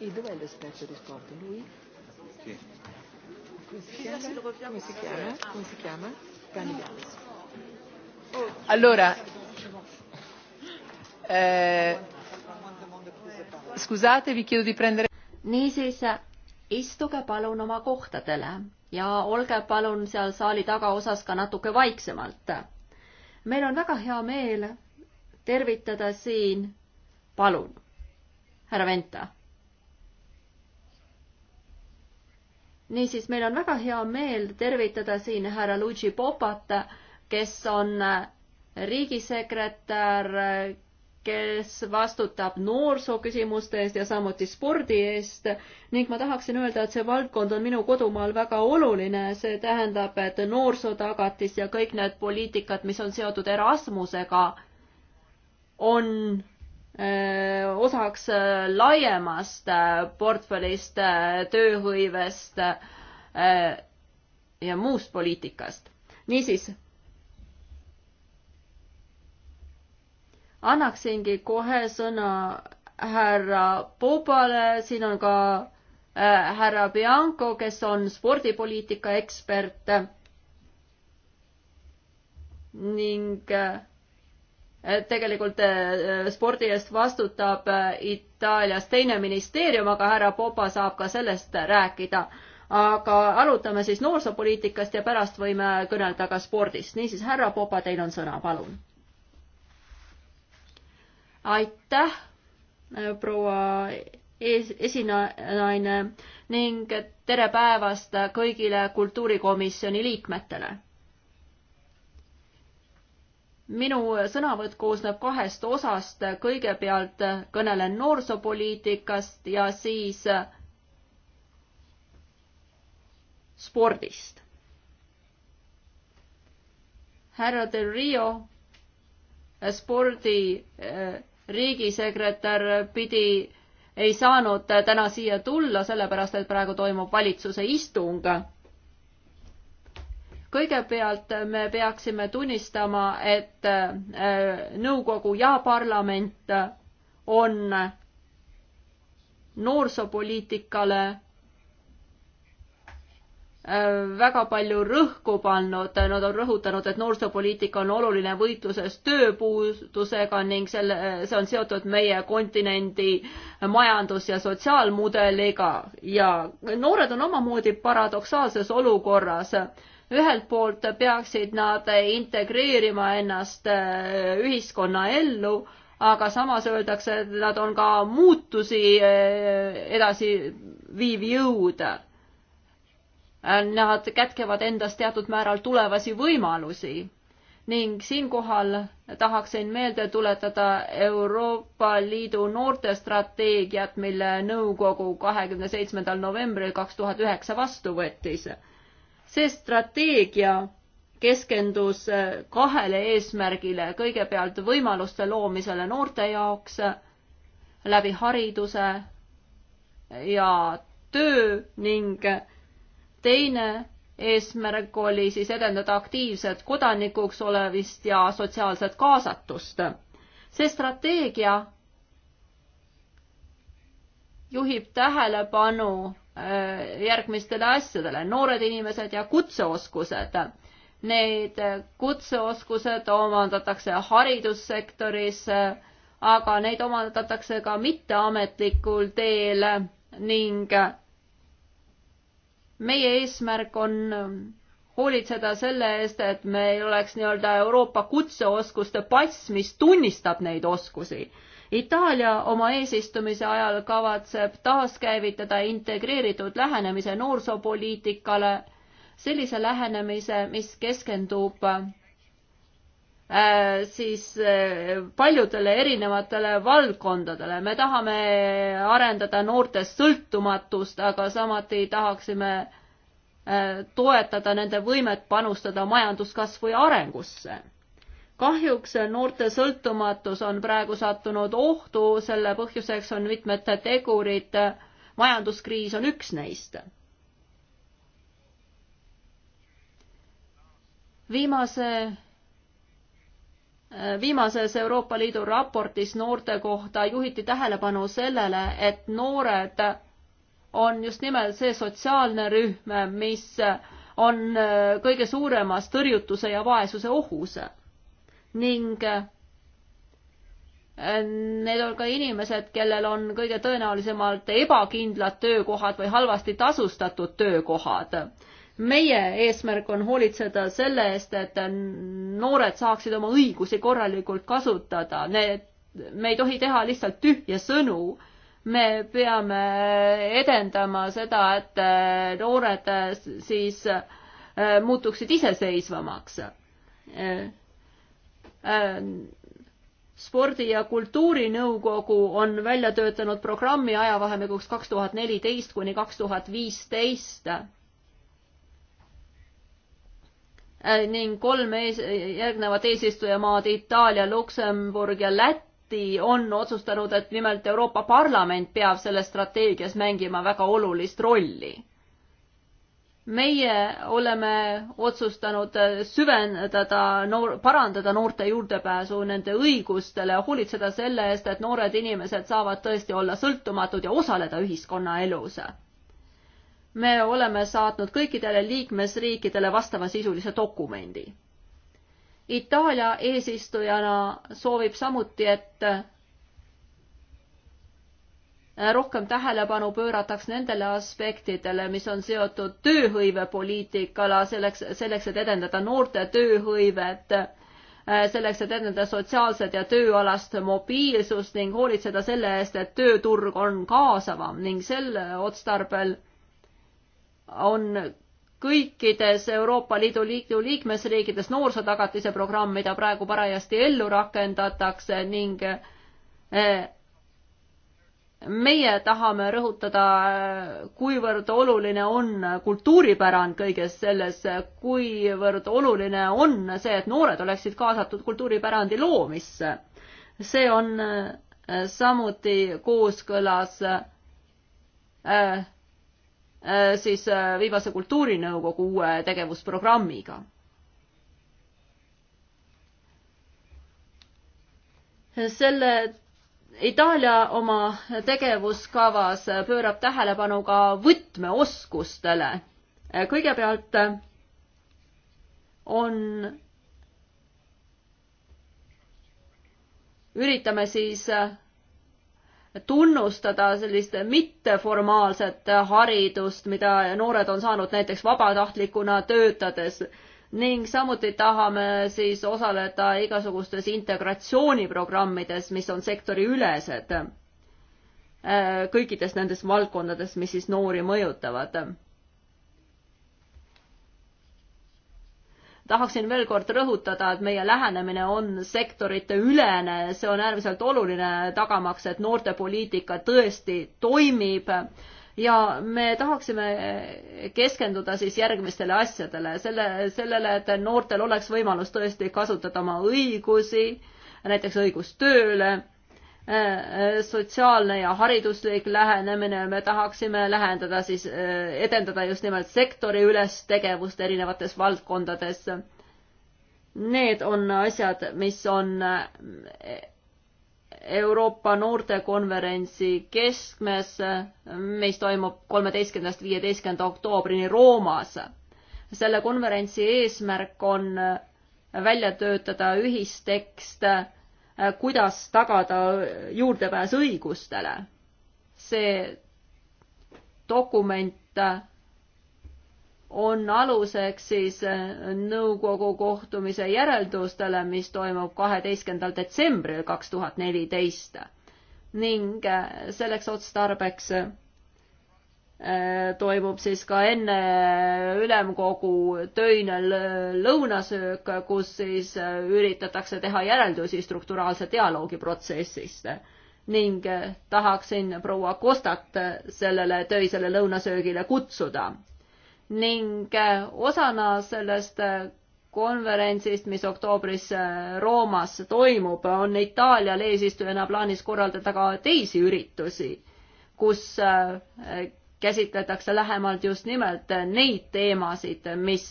E dov'è l'esperto di sport? Lui? Sì. Come si chiama? Come si chiama? Come si chiama? Canigalis. Allora, eh, niisiis, istuge palun oma kohtadele ja olge palun seal saali tagaosas ka natuke vaiksemalt. meil on väga hea meel tervitada siin, palun, härra Venta niisiis, meil on väga hea meel tervitada siin härra Luigi Popat, kes on riigisekretär kes vastutab noorsooküsimuste eest ja samuti spordi eest ning ma tahaksin öelda, et see valdkond on minu kodumaal väga oluline, see tähendab, et noorsootagatis ja kõik need poliitikad, mis on seotud Erasmusega, on äh, osaks äh, laiemast äh, portfellist, tööhõivest ja muust poliitikast. niisiis annaksingi kohe sõna härra Popale, siin on ka äh, härra Bianco, kes on spordipoliitika ekspert ning äh, tegelikult äh, spordi eest vastutab äh, Itaalias teine ministeerium, aga härra Popa saab ka sellest rääkida. aga arutame siis noorsoopoliitikast ja pärast võime kõnelda ka spordist. niisiis, härra Popa, teil on sõna, palun aitäh, äh, proua ees, esinaine ning tere päevast kõigile kultuurikomisjoni liikmetele. minu sõnavõtt koosneb kahest osast, kõigepealt kõnelen noorsoopoliitikast ja siis spordist. härra Del Rio spordi äh, riigisekretär pidi, ei saanud täna siia tulla, sellepärast et praegu toimub valitsuse istung. kõigepealt me peaksime tunnistama, et äh, nõukogu ja parlament on noorsoopoliitikale Äh, väga palju rõhku pannud, nad on rõhutanud, et noorsoopoliitika on oluline võitluses tööpuudusega ning selle, see on seotud meie kontinendi majandus- ja sotsiaalmudeliga ja noored on omamoodi paradoksaalses olukorras. ühelt poolt peaksid nad integreerima ennast äh, ühiskonnaellu, aga samas öeldakse, et nad on ka muutusi äh, edasi viiv jõud Äh, nad kätkevad endas teatud määral tulevasi võimalusi ning siinkohal tahaksin meelde tuletada Euroopa Liidu noortestrateegiat, mille nõukogu kahekümne seitsmendal novembril kaks tuhat üheksa vastu võttis. see strateegia keskendus kahele eesmärgile, kõigepealt võimaluste loomisele noorte jaoks läbi hariduse ja töö ning teine eesmärk oli siis edendada aktiivset kodanikuks olevist ja sotsiaalset kaasatust. see strateegia juhib tähelepanu äh, järgmistele asjadele, noored inimesed ja kutseoskused. Need äh, kutseoskused omandatakse haridussektoris, äh, aga neid omandatakse ka mitteametlikul teel ning meie eesmärk on ähm, hoolitseda selle eest, et me ei oleks nii-öelda Euroopa kutseoskuste pass, mis tunnistab neid oskusi. Itaalia oma eesistumise ajal kavatseb taaskäivitada integreeritud lähenemise noorsoopoliitikale, sellise lähenemise, mis keskendub Äh, siis äh, paljudele erinevatele valdkondadele. me tahame arendada noortest sõltumatust, aga samuti tahaksime äh, toetada nende võimet panustada majanduskasvu ja arengusse. kahjuks noorte sõltumatus on praegu sattunud ohtu, selle põhjuseks on mitmed tegurid, majanduskriis on üks neist viimase viimases Euroopa Liidu raportis noorte kohta juhiti tähelepanu sellele, et noored on just nimelt see sotsiaalne rühm, mis on kõige suuremas tõrjutuse ja vaesuse ohus. ning need on ka inimesed, kellel on kõige tõenäolisemalt ebakindlad töökohad või halvasti tasustatud töökohad meie eesmärk on hoolitseda selle eest, et noored saaksid oma õigusi korralikult kasutada, need, me ei tohi teha lihtsalt tühje sõnu. me peame edendama seda, et noored siis äh, muutuksid iseseisvamaks. Äh, äh, spordi ja kultuurinõukogu on välja töötanud programmi ajavahemikuks kaks tuhat neliteist kuni kaks tuhat viisteist Äh, ning kolm ees, järgnevat eesistujamaad Itaalia, Luksemburg ja Läti on otsustanud, et nimelt Euroopa Parlament peab selles strateegias mängima väga olulist rolli. meie oleme otsustanud äh, süvendada noor, parandada noorte juurdepääsu nende õigustele, hoolitseda selle eest, et noored inimesed saavad tõesti olla sõltumatud ja osaleda ühiskonnaelus me oleme saatnud kõikidele liikmesriikidele vastavasisulise dokumendi. Itaalia eesistujana soovib samuti, et rohkem tähelepanu pöörataks nendele aspektidele, mis on seotud tööhõivepoliitikale, selleks, selleks, et edendada noorte tööhõivet, selleks, et edendada sotsiaalset ja tööalast mobiilsust ning hoolitseda selle eest, et tööturg on kaasavam ning sel otstarbel on kõikides Euroopa Liidu liidu liikmesriikides noorsootagatise programm, mida praegu parajasti ellu rakendatakse ning eh, meie tahame rõhutada, eh, kuivõrd oluline on kultuuripärand kõiges selles, kuivõrd oluline on see, et noored oleksid kaasatud kultuuripärandi loomisse. see on eh, samuti kooskõlas äh, Äh, siis äh, viimase kultuurinõukogu uue tegevusprogrammiga. selle Itaalia oma tegevuskavas pöörab tähelepanu ka võtmeoskustele. kõigepealt on, üritame siis tunnustada sellist mitteformaalset haridust, mida noored on saanud näiteks vabatahtlikuna töötades ning samuti tahame siis osaleda igasugustes integratsiooniprogrammides, mis on sektoriülesed äh, kõikides nendes valdkondades, mis siis noori mõjutavad tahaksin veel kord rõhutada, et meie lähenemine on sektorite ülene, see on äärmiselt oluline, tagamaks, et noortepoliitika tõesti toimib ja me tahaksime keskenduda siis järgmistele asjadele, selle, sellele, et noortel oleks võimalus tõesti kasutada oma õigusi, näiteks õigus tööle Äh, äh, sotsiaalne ja hariduslik lähenemine, me tahaksime lähendada siis, äh, edendada just nimelt sektoriülest tegevust erinevates valdkondades. Need on asjad, mis on Euroopa noortekonverentsi keskmes, mis toimub kolmeteistkümnendast viieteistkümnenda oktoobrini Roomas. selle konverentsi eesmärk on välja töötada ühistekst Äh, kuidas tagada juurdepääs õigustele. see dokument äh, on aluseks siis äh, nõukogu kohtumise järeldustele, mis toimub kaheteistkümnendal detsembril kaks tuhat neliteist ning selleks otstarbeks Äh, toimub siis ka enne ülemkogu töine lõunasöök, kus siis äh, üritatakse teha järeldusi strukturaalse dialoogi protsessist. ning äh, tahaksin proua Kostat sellele töisele lõunasöögile kutsuda. ning osana sellest konverentsist, mis oktoobris Roomas toimub, on Itaalial eesistujana plaanis korraldada ka teisi üritusi, kus käsitletakse lähemalt just nimelt neid teemasid, mis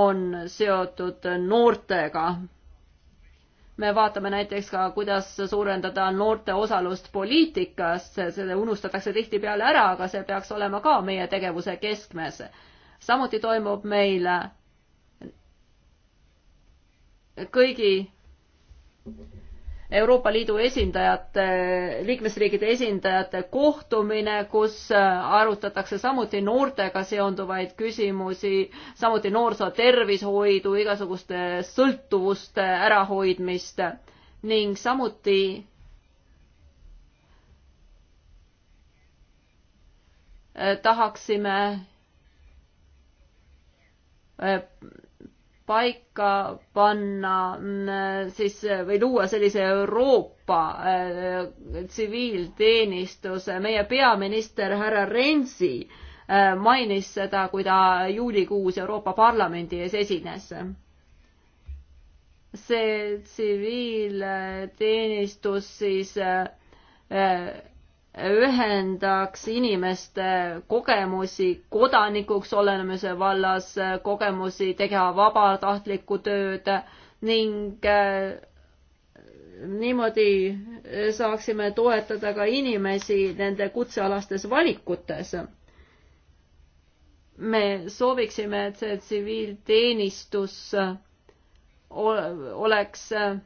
on seotud noortega. me vaatame näiteks ka, kuidas suurendada noorte osalust poliitikas, see unustatakse tihtipeale ära, aga see peaks olema ka meie tegevuse keskmes. samuti toimub meil kõigi Euroopa Liidu esindajate, liikmesriikide esindajate kohtumine, kus äh, arutatakse samuti noortega seonduvaid küsimusi, samuti noorsoo tervishoidu, igasuguste sõltuvuste ärahoidmist ning samuti tahaksime äh, paika panna mm, siis või luua sellise Euroopa äh, tsiviilteenistuse. meie peaminister härra Rensi äh, mainis seda, kui ta juulikuus Euroopa Parlamendi ees esines. see tsiviilteenistus siis äh, ühendaks inimeste kogemusi kodanikuks olemise vallas, kogemusi teha vabatahtlikku tööd ning äh, niimoodi saaksime toetada ka inimesi nende kutsealastes valikutes. me sooviksime, et see tsiviilteenistus oleks äh,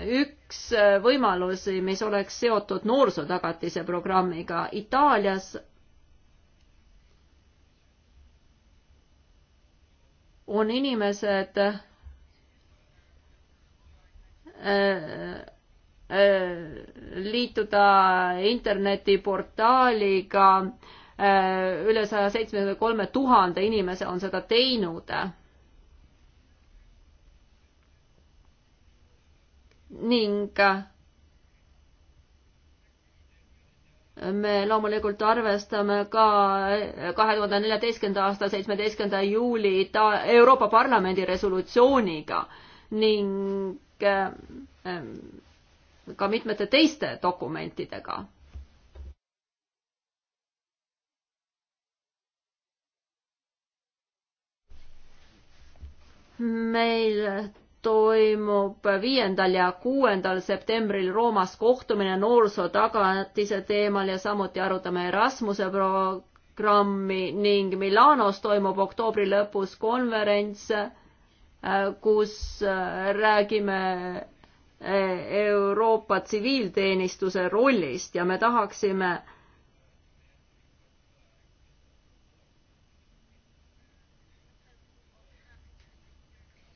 üks äh, võimalusi, mis oleks seotud noorsootagatise programmiga Itaalias. on inimesed äh, äh, liituda internetiportaaliga, üle saja seitsmekümne kolme tuhande inimese on seda teinud ning äh, me loomulikult arvestame ka äh, kahe tuhande neljateistkümnenda aasta seitsmeteistkümnenda juuli Ita-, Euroopa Parlamendi resolutsiooniga ning äh, ähm, ka mitmete teiste dokumentidega. meil toimub viiendal ja kuuendal septembril Roomas kohtumine noorsootagatise teemal ja samuti arutame Erasmuse programmi ning Milanos toimub oktoobri lõpus konverents, äh, kus äh, räägime äh, Euroopa tsiviilteenistuse rollist ja me tahaksime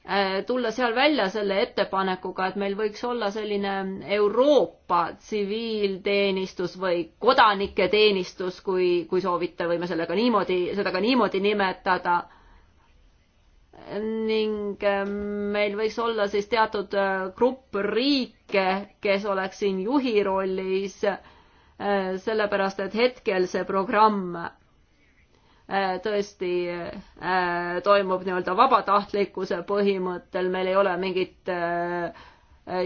Äh, tulla seal välja selle ettepanekuga, et meil võiks olla selline Euroopa tsiviilteenistus või kodanike teenistus, kui, kui soovite, võime sellega niimoodi, seda ka niimoodi nimetada. ning äh, meil võiks olla siis teatud äh, grupp riike, kes oleks siin juhi rollis, sellepärast et hetkel see programm Äh, tõesti äh, toimub nii-öelda vabatahtlikkuse põhimõttel, meil ei ole mingit äh,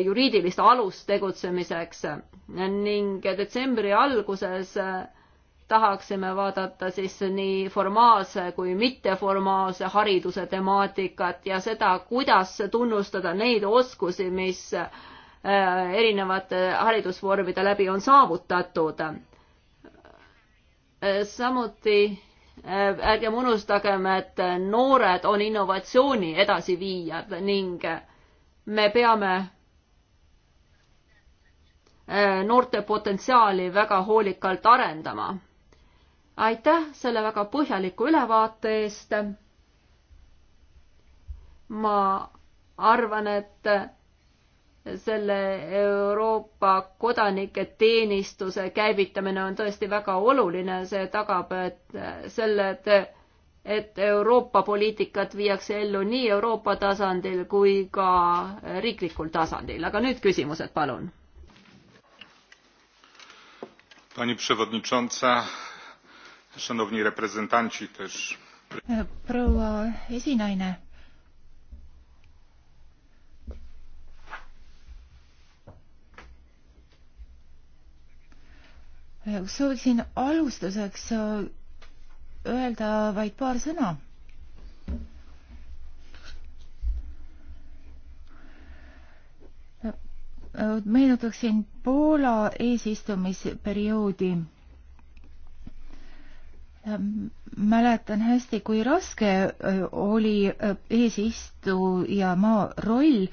juriidilist alust tegutsemiseks ning detsembri alguses tahaksime vaadata siis nii formaalse kui mitteformaalse hariduse temaatikat ja seda, kuidas tunnustada neid oskusi, mis erinevate haridusvormide läbi on saavutatud. samuti Äh, ärgem unustagem, et noored on innovatsiooni edasiviijad ning me peame äh, noorte potentsiaali väga hoolikalt arendama. aitäh selle väga põhjaliku ülevaate eest. ma arvan, et selle Euroopa kodanike teenistuse käivitamine on tõesti väga oluline, see tagab, et selle, et et Euroopa poliitikat viiakse ellu nii Euroopa tasandil kui ka riiklikul tasandil, aga nüüd küsimused, palun. proua esinaine sooviksin alustuseks äh, öelda vaid paar sõna. meenutaksin Poola eesistumisperioodi. Ähm, mäletan hästi, kui raske äh, oli äh, eesistuja maa roll,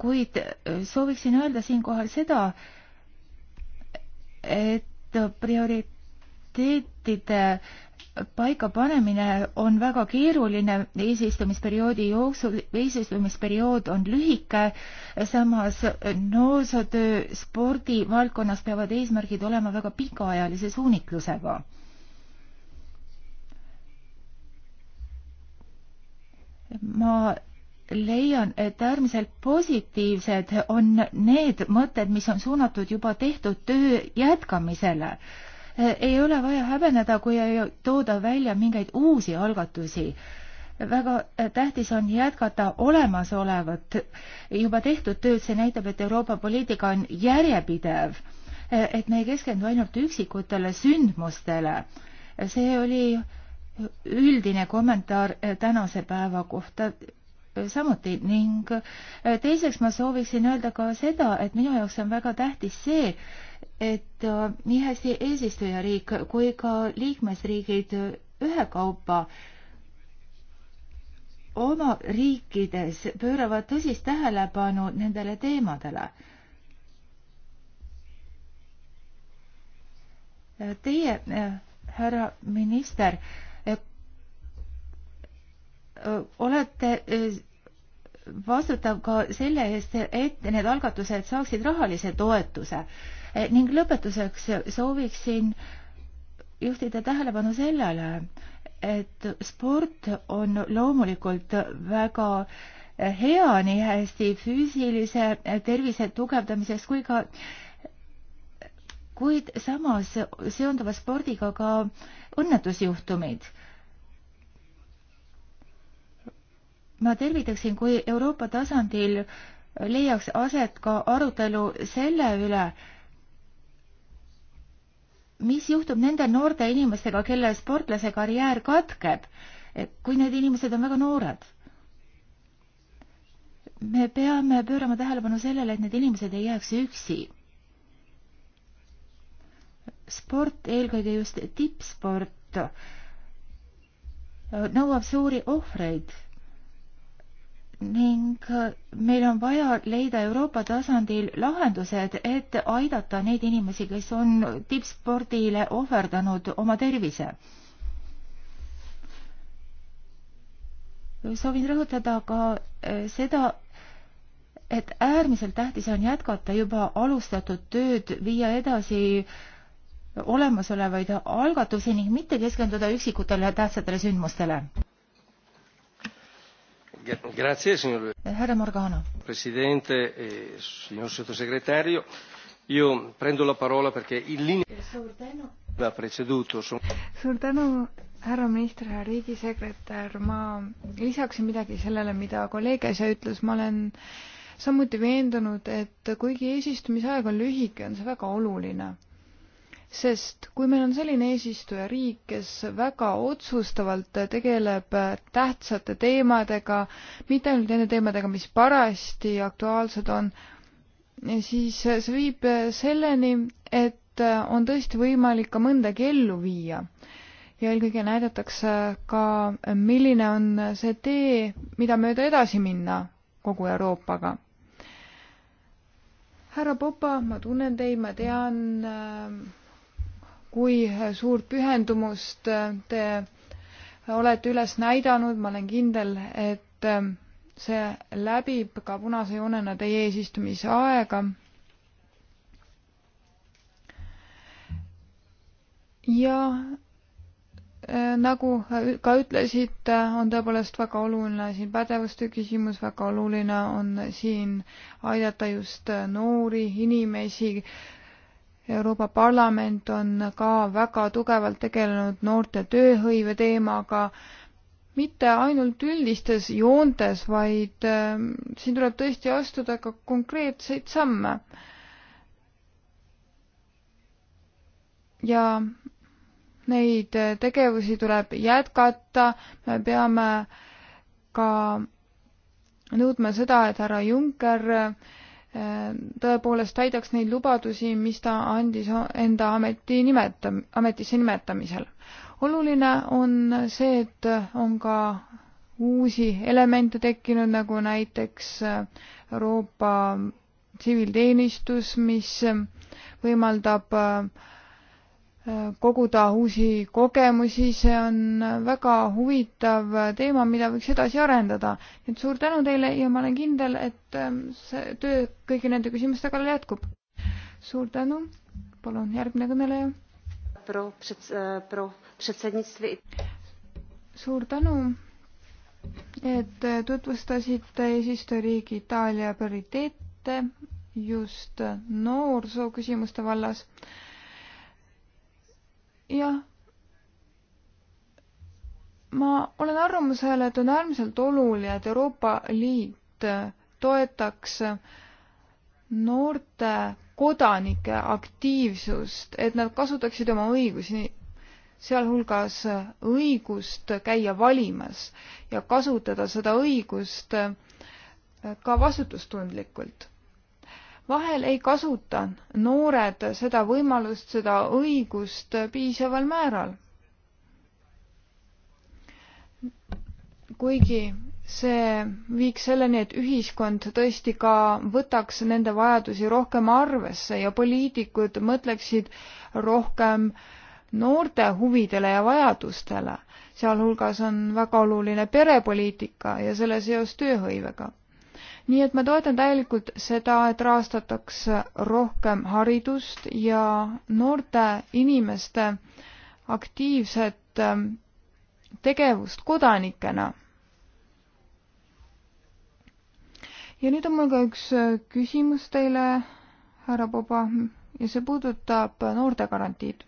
kuid sooviksin öelda siinkohal seda, et prioriteetide paikapanemine on väga keeruline eesistumisperioodi jooksul, eesistumisperiood on lühike, samas noorsootöö spordivaldkonnas peavad eesmärgid olema väga pikaajalise suunitlusega. ma leian, et äärmiselt positiivsed on need mõtted, mis on suunatud juba tehtud töö jätkamisele. ei ole vaja häbeneda, kui ei tooda välja mingeid uusi algatusi. väga tähtis on jätkata olemasolevat juba tehtud tööd, see näitab, et Euroopa poliitika on järjepidev, et me ei keskendu ainult üksikutele sündmustele. see oli üldine kommentaar tänase päeva kohta samuti ning äh, teiseks ma sooviksin öelda ka seda, et minu jaoks on väga tähtis see, et äh, nii hästi eesistujariik kui ka liikmesriigid äh, ühekaupa oma riikides pööravad tõsist tähelepanu nendele teemadele. Teie, härra minister, olete eh, vastutav ka selle eest, et need algatused saaksid rahalise toetuse eh, ning lõpetuseks sooviksin juhtida tähelepanu sellele, et sport on loomulikult väga eh, hea nii hästi füüsilise tervise tugevdamiseks kui ka, kuid samas seonduva spordiga ka õnnetusjuhtumid ma tervitaksin, kui Euroopa tasandil leiaks aset ka arutelu selle üle, mis juhtub nende noorte inimestega, kelle sportlase karjäär katkeb, kui need inimesed on väga noored. me peame pöörama tähelepanu sellele, et need inimesed ei jääks üksi. sport, eelkõige just tippsport, nõuab suuri ohvreid ning meil on vaja leida Euroopa tasandil lahendused, et aidata neid inimesi, kes on tippspordile ohverdanud oma tervise. soovin rõhutada ka eh, seda, et äärmiselt tähtis on jätkata juba alustatud tööd, viia edasi olemasolevaid algatusi ning mitte keskenduda üksikutele tähtsatele sündmustele härra Morgana. president, eh, signor sottosegretario, io prendo la parola perché in linea. suur tänu. suur tänu, härra minister, härra riigisekretär, ma lisaksin midagi sellele, mida kolleeg äsja ütles, ma olen samuti veendunud, et kuigi eesistumisaeg on lühike, on see väga oluline sest kui meil on selline eesistujariik, kes väga otsustavalt tegeleb tähtsate teemadega, mitte ainult nende teemadega, mis parajasti aktuaalsed on, siis see viib selleni, et on tõesti võimalik ka mõndagi ellu viia. ja eelkõige näidatakse ka, milline on see tee, mida mööda edasi minna kogu Euroopaga. härra Popa, ma tunnen teid, ma tean äh, kui suurt pühendumust te olete üles näidanud, ma olen kindel, et see läbib ka punase joonena teie eesistumise aega. ja e, nagu ka ütlesite, on tõepoolest väga oluline siin pädevuste küsimus, väga oluline on siin aidata just noori inimesi, Euroopa Parlament on ka väga tugevalt tegelenud noorte tööhõive teemaga, mitte ainult üldistes joontes, vaid ähm, siin tuleb tõesti astuda ka konkreetseid samme. ja neid äh, tegevusi tuleb jätkata, me peame ka nõudma seda, et härra Juncker äh, tõepoolest täidaks neid lubadusi, mis ta andis enda ameti nimeta-, ametisse nimetamisel. oluline on see, et on ka uusi elemente tekkinud, nagu näiteks Euroopa tsiviilteenistus, mis võimaldab äh, koguda uusi kogemusi, see on väga huvitav teema, mida võiks edasi arendada. et suur tänu teile ja ma olen kindel, et ähm, see töö kõigi nende küsimuste kallal jätkub. suur tänu, palun järgmine kõneleja. Äh, suur tänu, et tutvustasite eesistujariigi Itaalia prioriteete just noorsoo küsimuste vallas jah, ma olen arvamusel, et on äärmiselt oluline, et Euroopa Liit toetaks noorte kodanike aktiivsust, et nad kasutaksid oma õigusi, sealhulgas õigust käia valimas ja kasutada seda õigust ka vastutustundlikult vahel ei kasuta noored seda võimalust, seda õigust piisaval määral. kuigi see viiks selleni, et ühiskond tõesti ka võtaks nende vajadusi rohkem arvesse ja poliitikud mõtleksid rohkem noorte huvidele ja vajadustele. sealhulgas on väga oluline perepoliitika ja selle seos tööhõivega nii et ma toetan täielikult seda, et rahastatakse rohkem haridust ja noorte inimeste aktiivset ähm, tegevust kodanikena. ja nüüd on mul ka üks äh, küsimus teile, härra Poba, ja see puudutab äh, noortegarantiid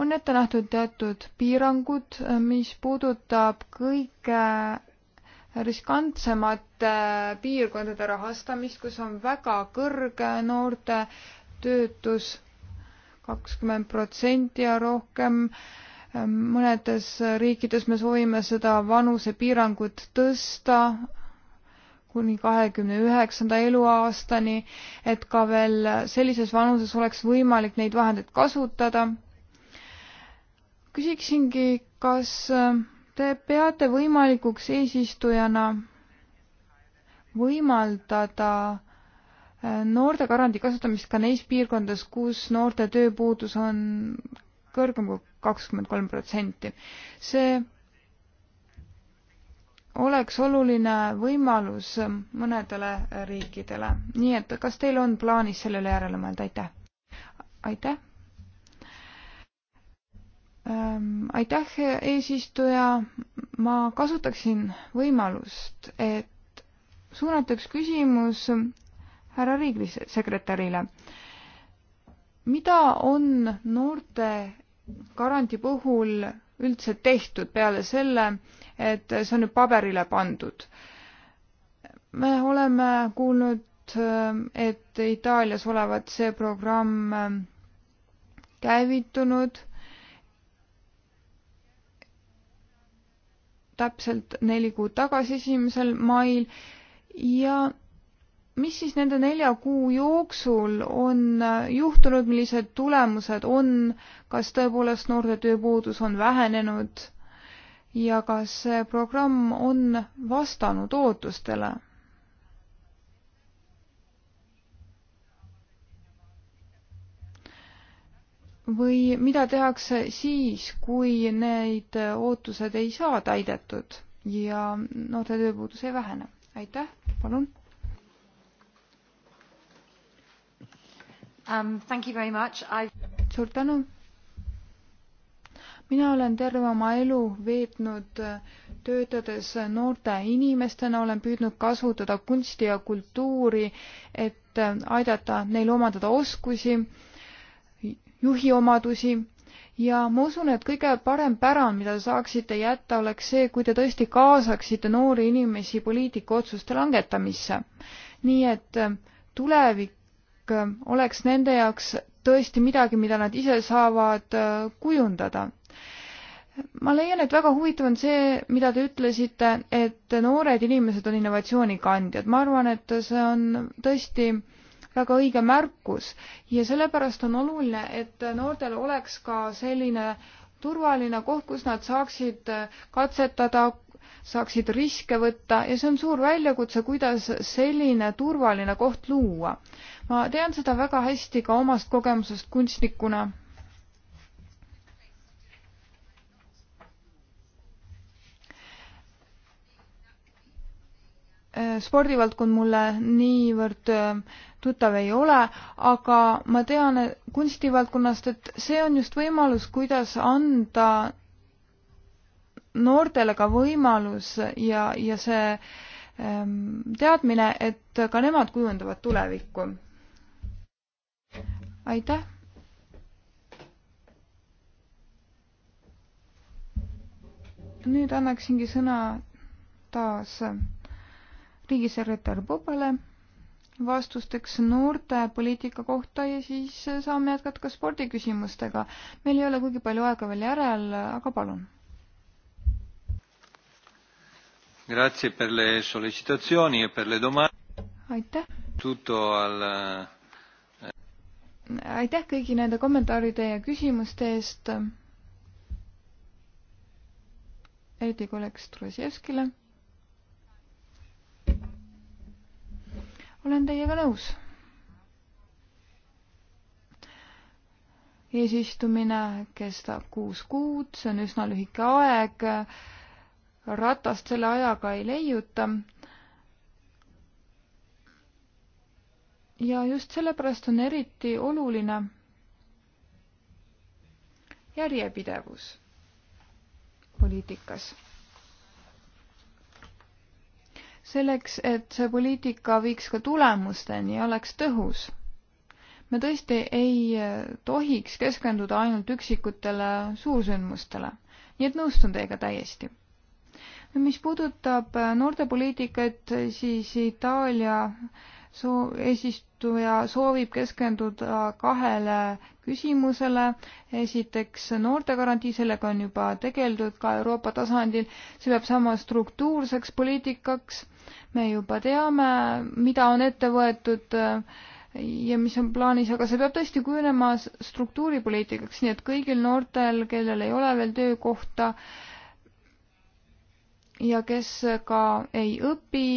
on ette nähtud teatud piirangud, mis puudutab kõige riskantsemate piirkondade rahastamist, kus on väga kõrge noorte töötus, kakskümmend protsenti ja rohkem. mõnedes riikides me soovime seda vanusepiirangut tõsta kuni kahekümne üheksanda eluaastani, et ka veel sellises vanuses oleks võimalik neid vahendeid kasutada küsiksingi, kas äh, te peate võimalikuks eesistujana võimaldada äh, noortegarandi kasutamist ka neis piirkondades, kus noorte tööpuudus on kõrgem kui kakskümmend kolm protsenti. see oleks oluline võimalus mõnedele riikidele. nii et kas teil on plaanis sellele järele mõelda, aitäh! aitäh! Ähm, aitäh, eesistuja. ma kasutaksin võimalust, et suunata üks küsimus härra riigisekretärile. mida on noorte garanti puhul üldse tehtud peale selle, et see on nüüd paberile pandud? me oleme kuulnud, et Itaalias olevat see programm käivitunud täpselt neli kuud tagasi, esimesel mail ja mis siis nende nelja kuu jooksul on äh, juhtunud, millised tulemused on, kas tõepoolest noorte tööpuudus on vähenenud ja kas see programm on vastanud ootustele? või mida tehakse siis, kui need ootused ei saa täidetud ja noorte tööpuudus ei vähene? aitäh, palun um,. suur tänu. mina olen terve oma elu veetnud äh, töötades noorte inimestena, olen püüdnud kasutada kunsti ja kultuuri, et äh, aidata neil omandada oskusi juhi omadusi ja ma usun, et kõige parem pärand, mida te saaksite jätta, oleks see, kui te tõesti kaasaksite noori inimesi poliitikaotsuste langetamisse. nii et äh, tulevik äh, oleks nende jaoks tõesti midagi, mida nad ise saavad äh, kujundada. ma leian, et väga huvitav on see, mida te ütlesite, et noored inimesed on innovatsiooni kandjad. ma arvan, et see on tõesti äh, väga õige märkus ja sellepärast on oluline, et noortel oleks ka selline turvaline koht, kus nad saaksid katsetada, saaksid riske võtta ja see on suur väljakutse, kuidas selline turvaline koht luua. ma tean seda väga hästi ka omast kogemusest kunstnikuna Äh, spordivaldkond mulle niivõrd äh, tuttav ei ole, aga ma tean kunstivaldkonnast, et see on just võimalus, kuidas anda noortele ka võimalus ja, ja see ähm, teadmine, et ka nemad kujundavad tulevikku. aitäh! nüüd annaksingi sõna taas riigisekretär Popele vastusteks noorte poliitika kohta ja siis saame jätkata ka spordiküsimustega. meil ei ole kuigi palju aega veel järel, aga palun. E aitäh. Al... Eh, aitäh kõigi nende kommentaaride ja küsimuste eest. eriti kolleeg Strozjevskile olen teiega nõus. eesistumine kestab kuus kuud, see on üsna lühike aeg. ratast selle ajaga ei leiuta. ja just sellepärast on eriti oluline järjepidevus poliitikas selleks, et see poliitika viiks ka tulemusteni ja oleks tõhus. me tõesti ei tohiks keskenduda ainult üksikutele suursündmustele, nii et nõustun teiega täiesti. mis puudutab noortepoliitikat, siis Itaalia soo-, eesistuja soovib keskenduda kahele küsimusele. esiteks noortegarantii, sellega on juba tegeldud ka Euroopa tasandil, see peab saama struktuurseks poliitikaks. me juba teame, mida on ette võetud äh, ja mis on plaanis, aga see peab tõesti kujunema struktuuripoliitikaks, nii et kõigil noortel, kellel ei ole veel töökohta ja kes ka ei õpi,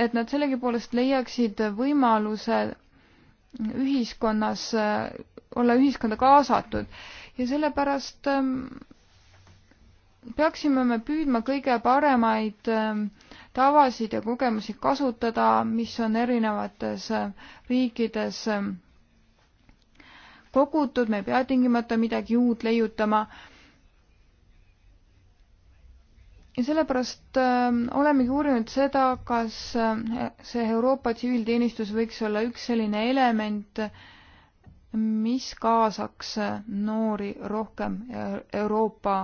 et nad sellegipoolest leiaksid võimaluse ühiskonnas, olla ühiskonda kaasatud ja sellepärast ähm, peaksime me püüdma kõige paremaid ähm, tavasid ja kogemusi kasutada, mis on erinevates äh, riikides ähm, kogutud, me ei pea tingimata midagi uut leiutama, ja sellepärast äh, olemegi uurinud seda, kas äh, see Euroopa tsiviilteenistus võiks olla üks selline element, mis kaasaks äh, noori rohkem Euroopa,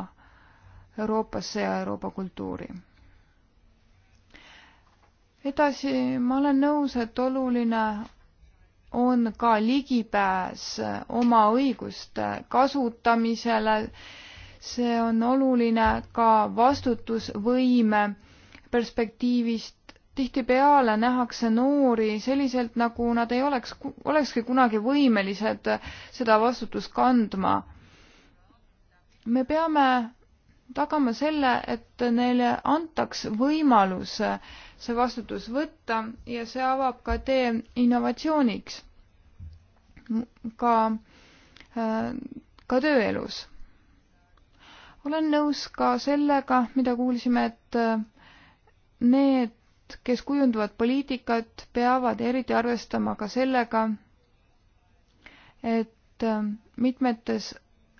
Euroopasse ja Euroopa kultuuri. edasi, ma olen nõus, et oluline on ka ligipääs äh, oma õiguste kasutamisele äh, see on oluline ka vastutusvõime perspektiivist. tihtipeale nähakse noori selliselt, nagu nad ei oleks, olekski kunagi võimelised seda vastutust kandma. me peame tagama selle, et neile antaks võimalus see vastutus võtta ja see avab ka tee innovatsiooniks ka, ka tööelus olen nõus ka sellega, mida kuulsime, et äh, need, kes kujundavad poliitikat, peavad eriti arvestama ka sellega, et äh, mitmetes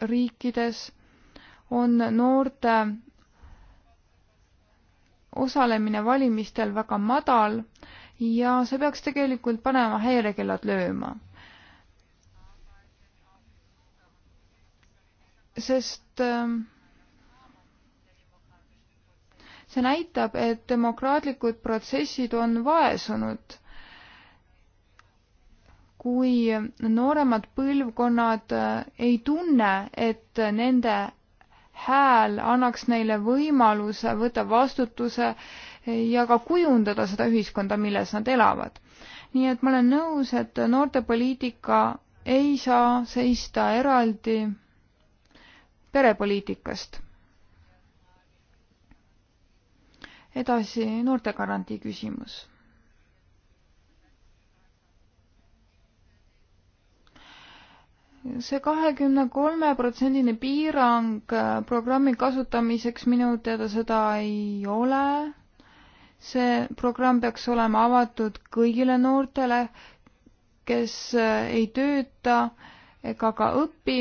riikides on noorte osalemine valimistel väga madal ja see peaks tegelikult panema häirekellad lööma. sest äh, see näitab, et demokraatlikud protsessid on vaesunud. kui nooremad põlvkonnad äh, ei tunne, et nende hääl annaks neile võimaluse võtta vastutuse äh, ja ka kujundada seda ühiskonda, milles nad elavad. nii et ma olen nõus, et noortepoliitika ei saa seista eraldi perepoliitikast edasi, noortegarantii küsimus. see kahekümne kolme protsendine piirang programmi kasutamiseks minu teada seda ei ole. see programm peaks olema avatud kõigile noortele, kes ei tööta ega ka õpi.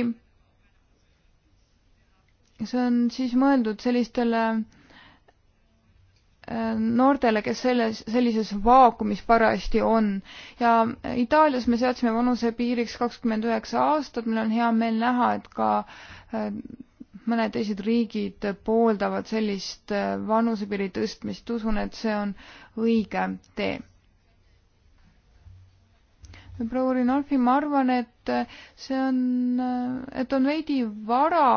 see on siis mõeldud sellistele äh, Äh, noortele, kes selles, sellises vaakumis parajasti on. ja Itaalias me seadsime vanusepiiriks kakskümmend üheksa aastat, meil on hea meel näha, et ka äh, mõned teised riigid pooldavad sellist äh, vanusepiiri tõstmist, usun, et see on õige tee. proua Rinalfi, ma arvan, et see on, et on veidi vara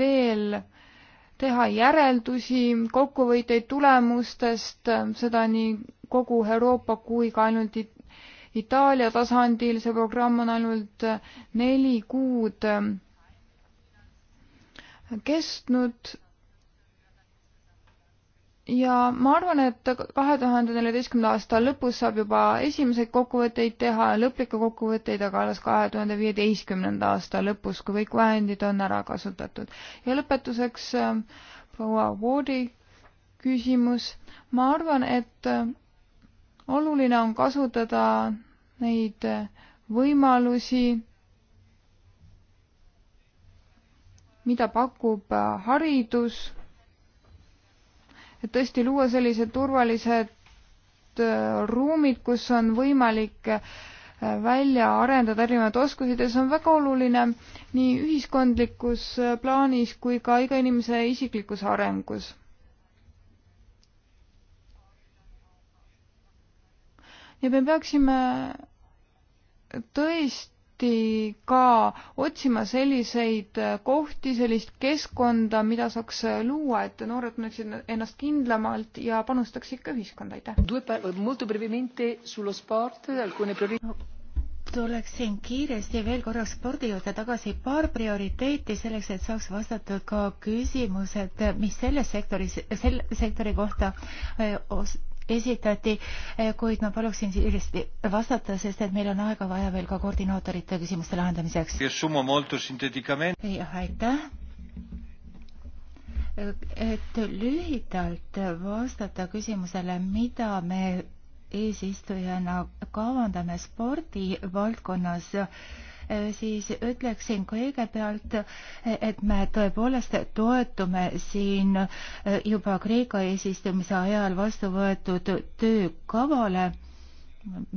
veel äh, teha järeldusi, kokkuvõtteid tulemustest, seda nii kogu Euroopa kui ka ainult It Itaalia tasandil, see programm on ainult neli kuud kestnud ja ma arvan, et kahe tuhande neljateistkümnenda aasta lõpus saab juba esimeseid kokkuvõtteid teha, lõplikke kokkuvõtteid, aga alles kahe tuhande viieteistkümnenda aasta lõpus, kui kõik vahendid on ära kasutatud. ja lõpetuseks ähm, proua Woodi küsimus. ma arvan, et äh, oluline on kasutada neid äh, võimalusi, mida pakub äh, haridus et tõesti luua sellised turvalised äh, ruumid, kus on võimalik äh, välja arendada erinevaid oskusi ja see on väga oluline nii ühiskondlikus äh, plaanis kui ka iga inimese isiklikus arengus. ja me peaksime tõesti hakati ka otsima selliseid kohti, sellist keskkonda, mida saaks luua, et noored tunneksid ennast kindlamalt ja panustaks ikka ühiskonda, aitäh. tuleksin kiiresti veel korraks spordi juurde tagasi, paar prioriteeti selleks, et saaks vastata ka küsimused, mis selles sektoris, selle sektori kohta eh, esitati, eh, kuid ma paluksin kiiresti vastata, sest et meil on aega vaja veel ka koordinaatorite küsimuste lahendamiseks. jah, aitäh et lühidalt vastata küsimusele, mida me eesistujana kavandame spordivaldkonnas äh, Äh, siis ütleksin kõigepealt, et me tõepoolest toetume siin äh, juba Kreeka eesistumise ajal vastu võetud töökavale,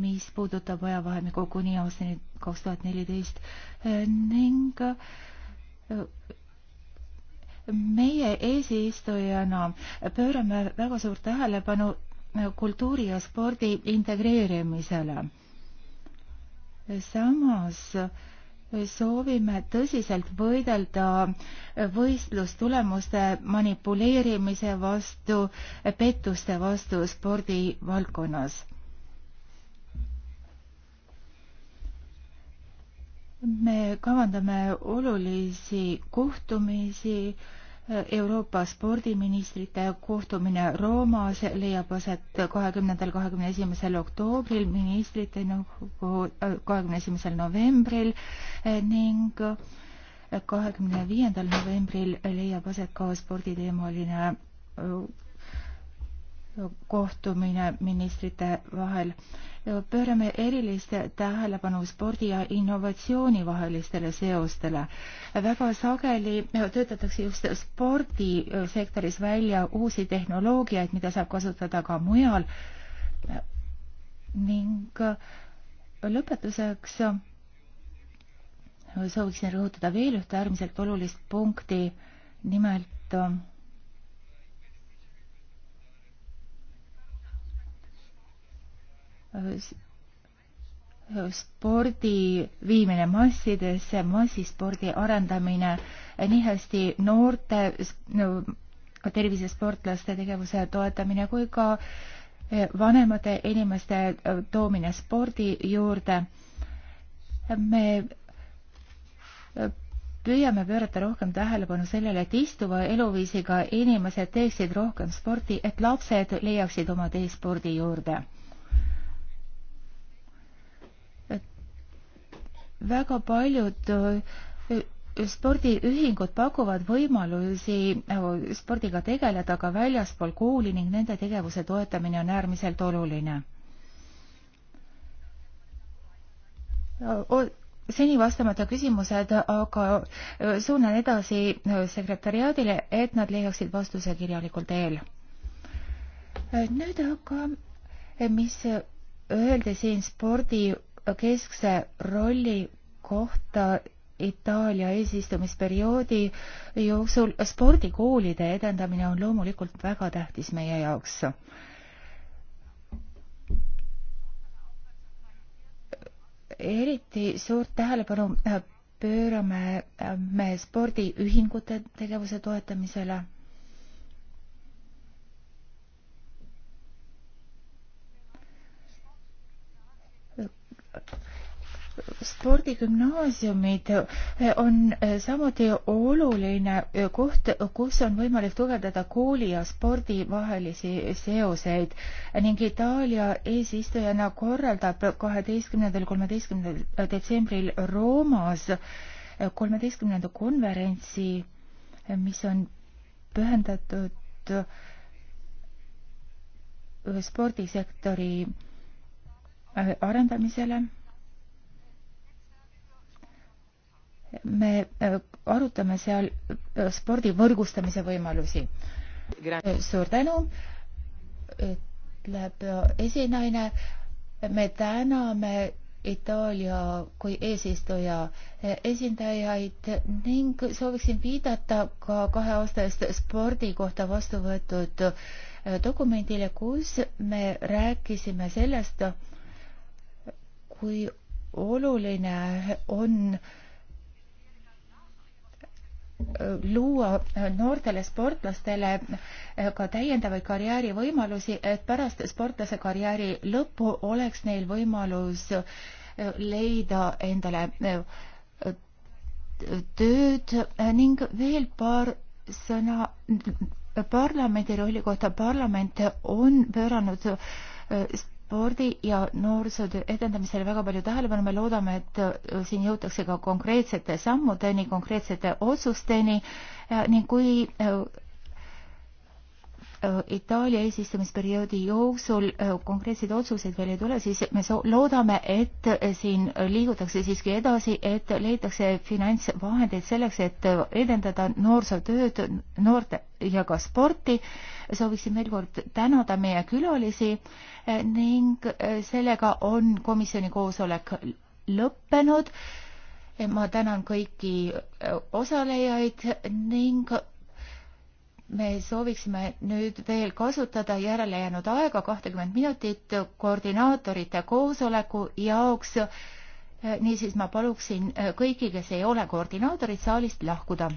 mis puudutab ajavahemikku kuni aastani kaks tuhat neliteist äh, ning meie eesistujana pöörame väga suurt tähelepanu kultuuri ja spordi integreerimisele samas soovime tõsiselt võidelda võistlustulemuste manipuleerimise vastu, pettuste vastu spordivaldkonnas. me kavandame olulisi kohtumisi äh, Euroopa spordiministrite kohtumine Roomas leiab aset kahekümnendal, kahekümne esimesel oktoobril, ministrite nõukogu äh, kahekümne esimesel novembril äh, ning kahekümne viiendal novembril leiab aset ka sporditeemaline äh, kohtumine ministrite vahel. pöörame erilist tähelepanu spordi ja innovatsiooni vahelistele seostele. väga sageli töötatakse just spordisektoris välja uusi tehnoloogiaid, mida saab kasutada ka mujal. ning lõpetuseks sooviksin rõhutada veel ühte äärmiselt olulist punkti, nimelt spordi viimine massidesse, massispordi arendamine, nii hästi noorte no, tervisesportlaste tegevuse toetamine kui ka eh, vanemate inimeste eh, toomine spordi juurde. me eh, püüame pöörata rohkem tähelepanu sellele, et istuva eluviisiga inimesed teeksid rohkem sporti, et lapsed leiaksid oma tee spordi juurde väga paljud äh, spordiühingud pakuvad võimalusi äh, spordiga tegeleda ka väljaspool kooli ning nende tegevuse toetamine on äärmiselt oluline. seni vastamata küsimused, aga äh, suunan edasi sekretäriaadile, et nad leiaksid vastuse kirjalikul teel. nüüd aga, mis öeldi siin spordikeskse rolli kohta Itaalia eesistumisperioodi jooksul. spordikoolide edendamine on loomulikult väga tähtis meie jaoks. eriti suurt tähelepanu pöörame me spordiühingute tegevuse toetamisele spordigümnaasiumid eh, on eh, samuti oluline eh, koht, kus on võimalik tugevdada kooli ja spordi vahelisi seoseid ning Itaalia eesistujana korraldab kaheteistkümnendal, kolmeteistkümnendal detsembril Roomas kolmeteistkümnenda konverentsi, mis on pühendatud spordisektori arendamisele me äh, arutame seal äh, spordi võrgustamise võimalusi. suur tänu, ütleb esinaine. me täname Itaalia kui eesistuja esindajaid ning sooviksin viidata ka kahe aasta eest spordi kohta vastu võetud äh, dokumendile, kus me rääkisime sellest, kui oluline on äh, luua noortele sportlastele eh, ka täiendavaid karjäärivõimalusi, et pärast sportlase karjääri lõppu oleks neil võimalus eh, leida endale eh, tööd ning veel paar sõna parlamendi rolli kohta. parlament on pööranud spordi ja noorsootöö edendamisele väga palju tähelepanu, me loodame, et äh, siin jõutakse ka konkreetsete sammudeni, konkreetsete otsusteni ning kui äh, Äh, Itaalia eesistumisperioodi jooksul äh, konkreetseid otsuseid veel ei tule, siis me loodame, et äh, siin liigutakse siiski edasi, et leitakse finantsvahendeid selleks, et edendada noorsootööd, noorte ja ka sporti. sooviksin veel kord tänada meie külalisi ning sellega on komisjoni koosolek lõppenud ma tänan kõiki osalejaid ning me sooviksime nüüd veel kasutada järelejäänud aega kahtekümmend minutit koordinaatorite koosoleku jaoks. niisiis ma paluksin kõiki, kes ei ole koordinaatorid, saalist lahkuda.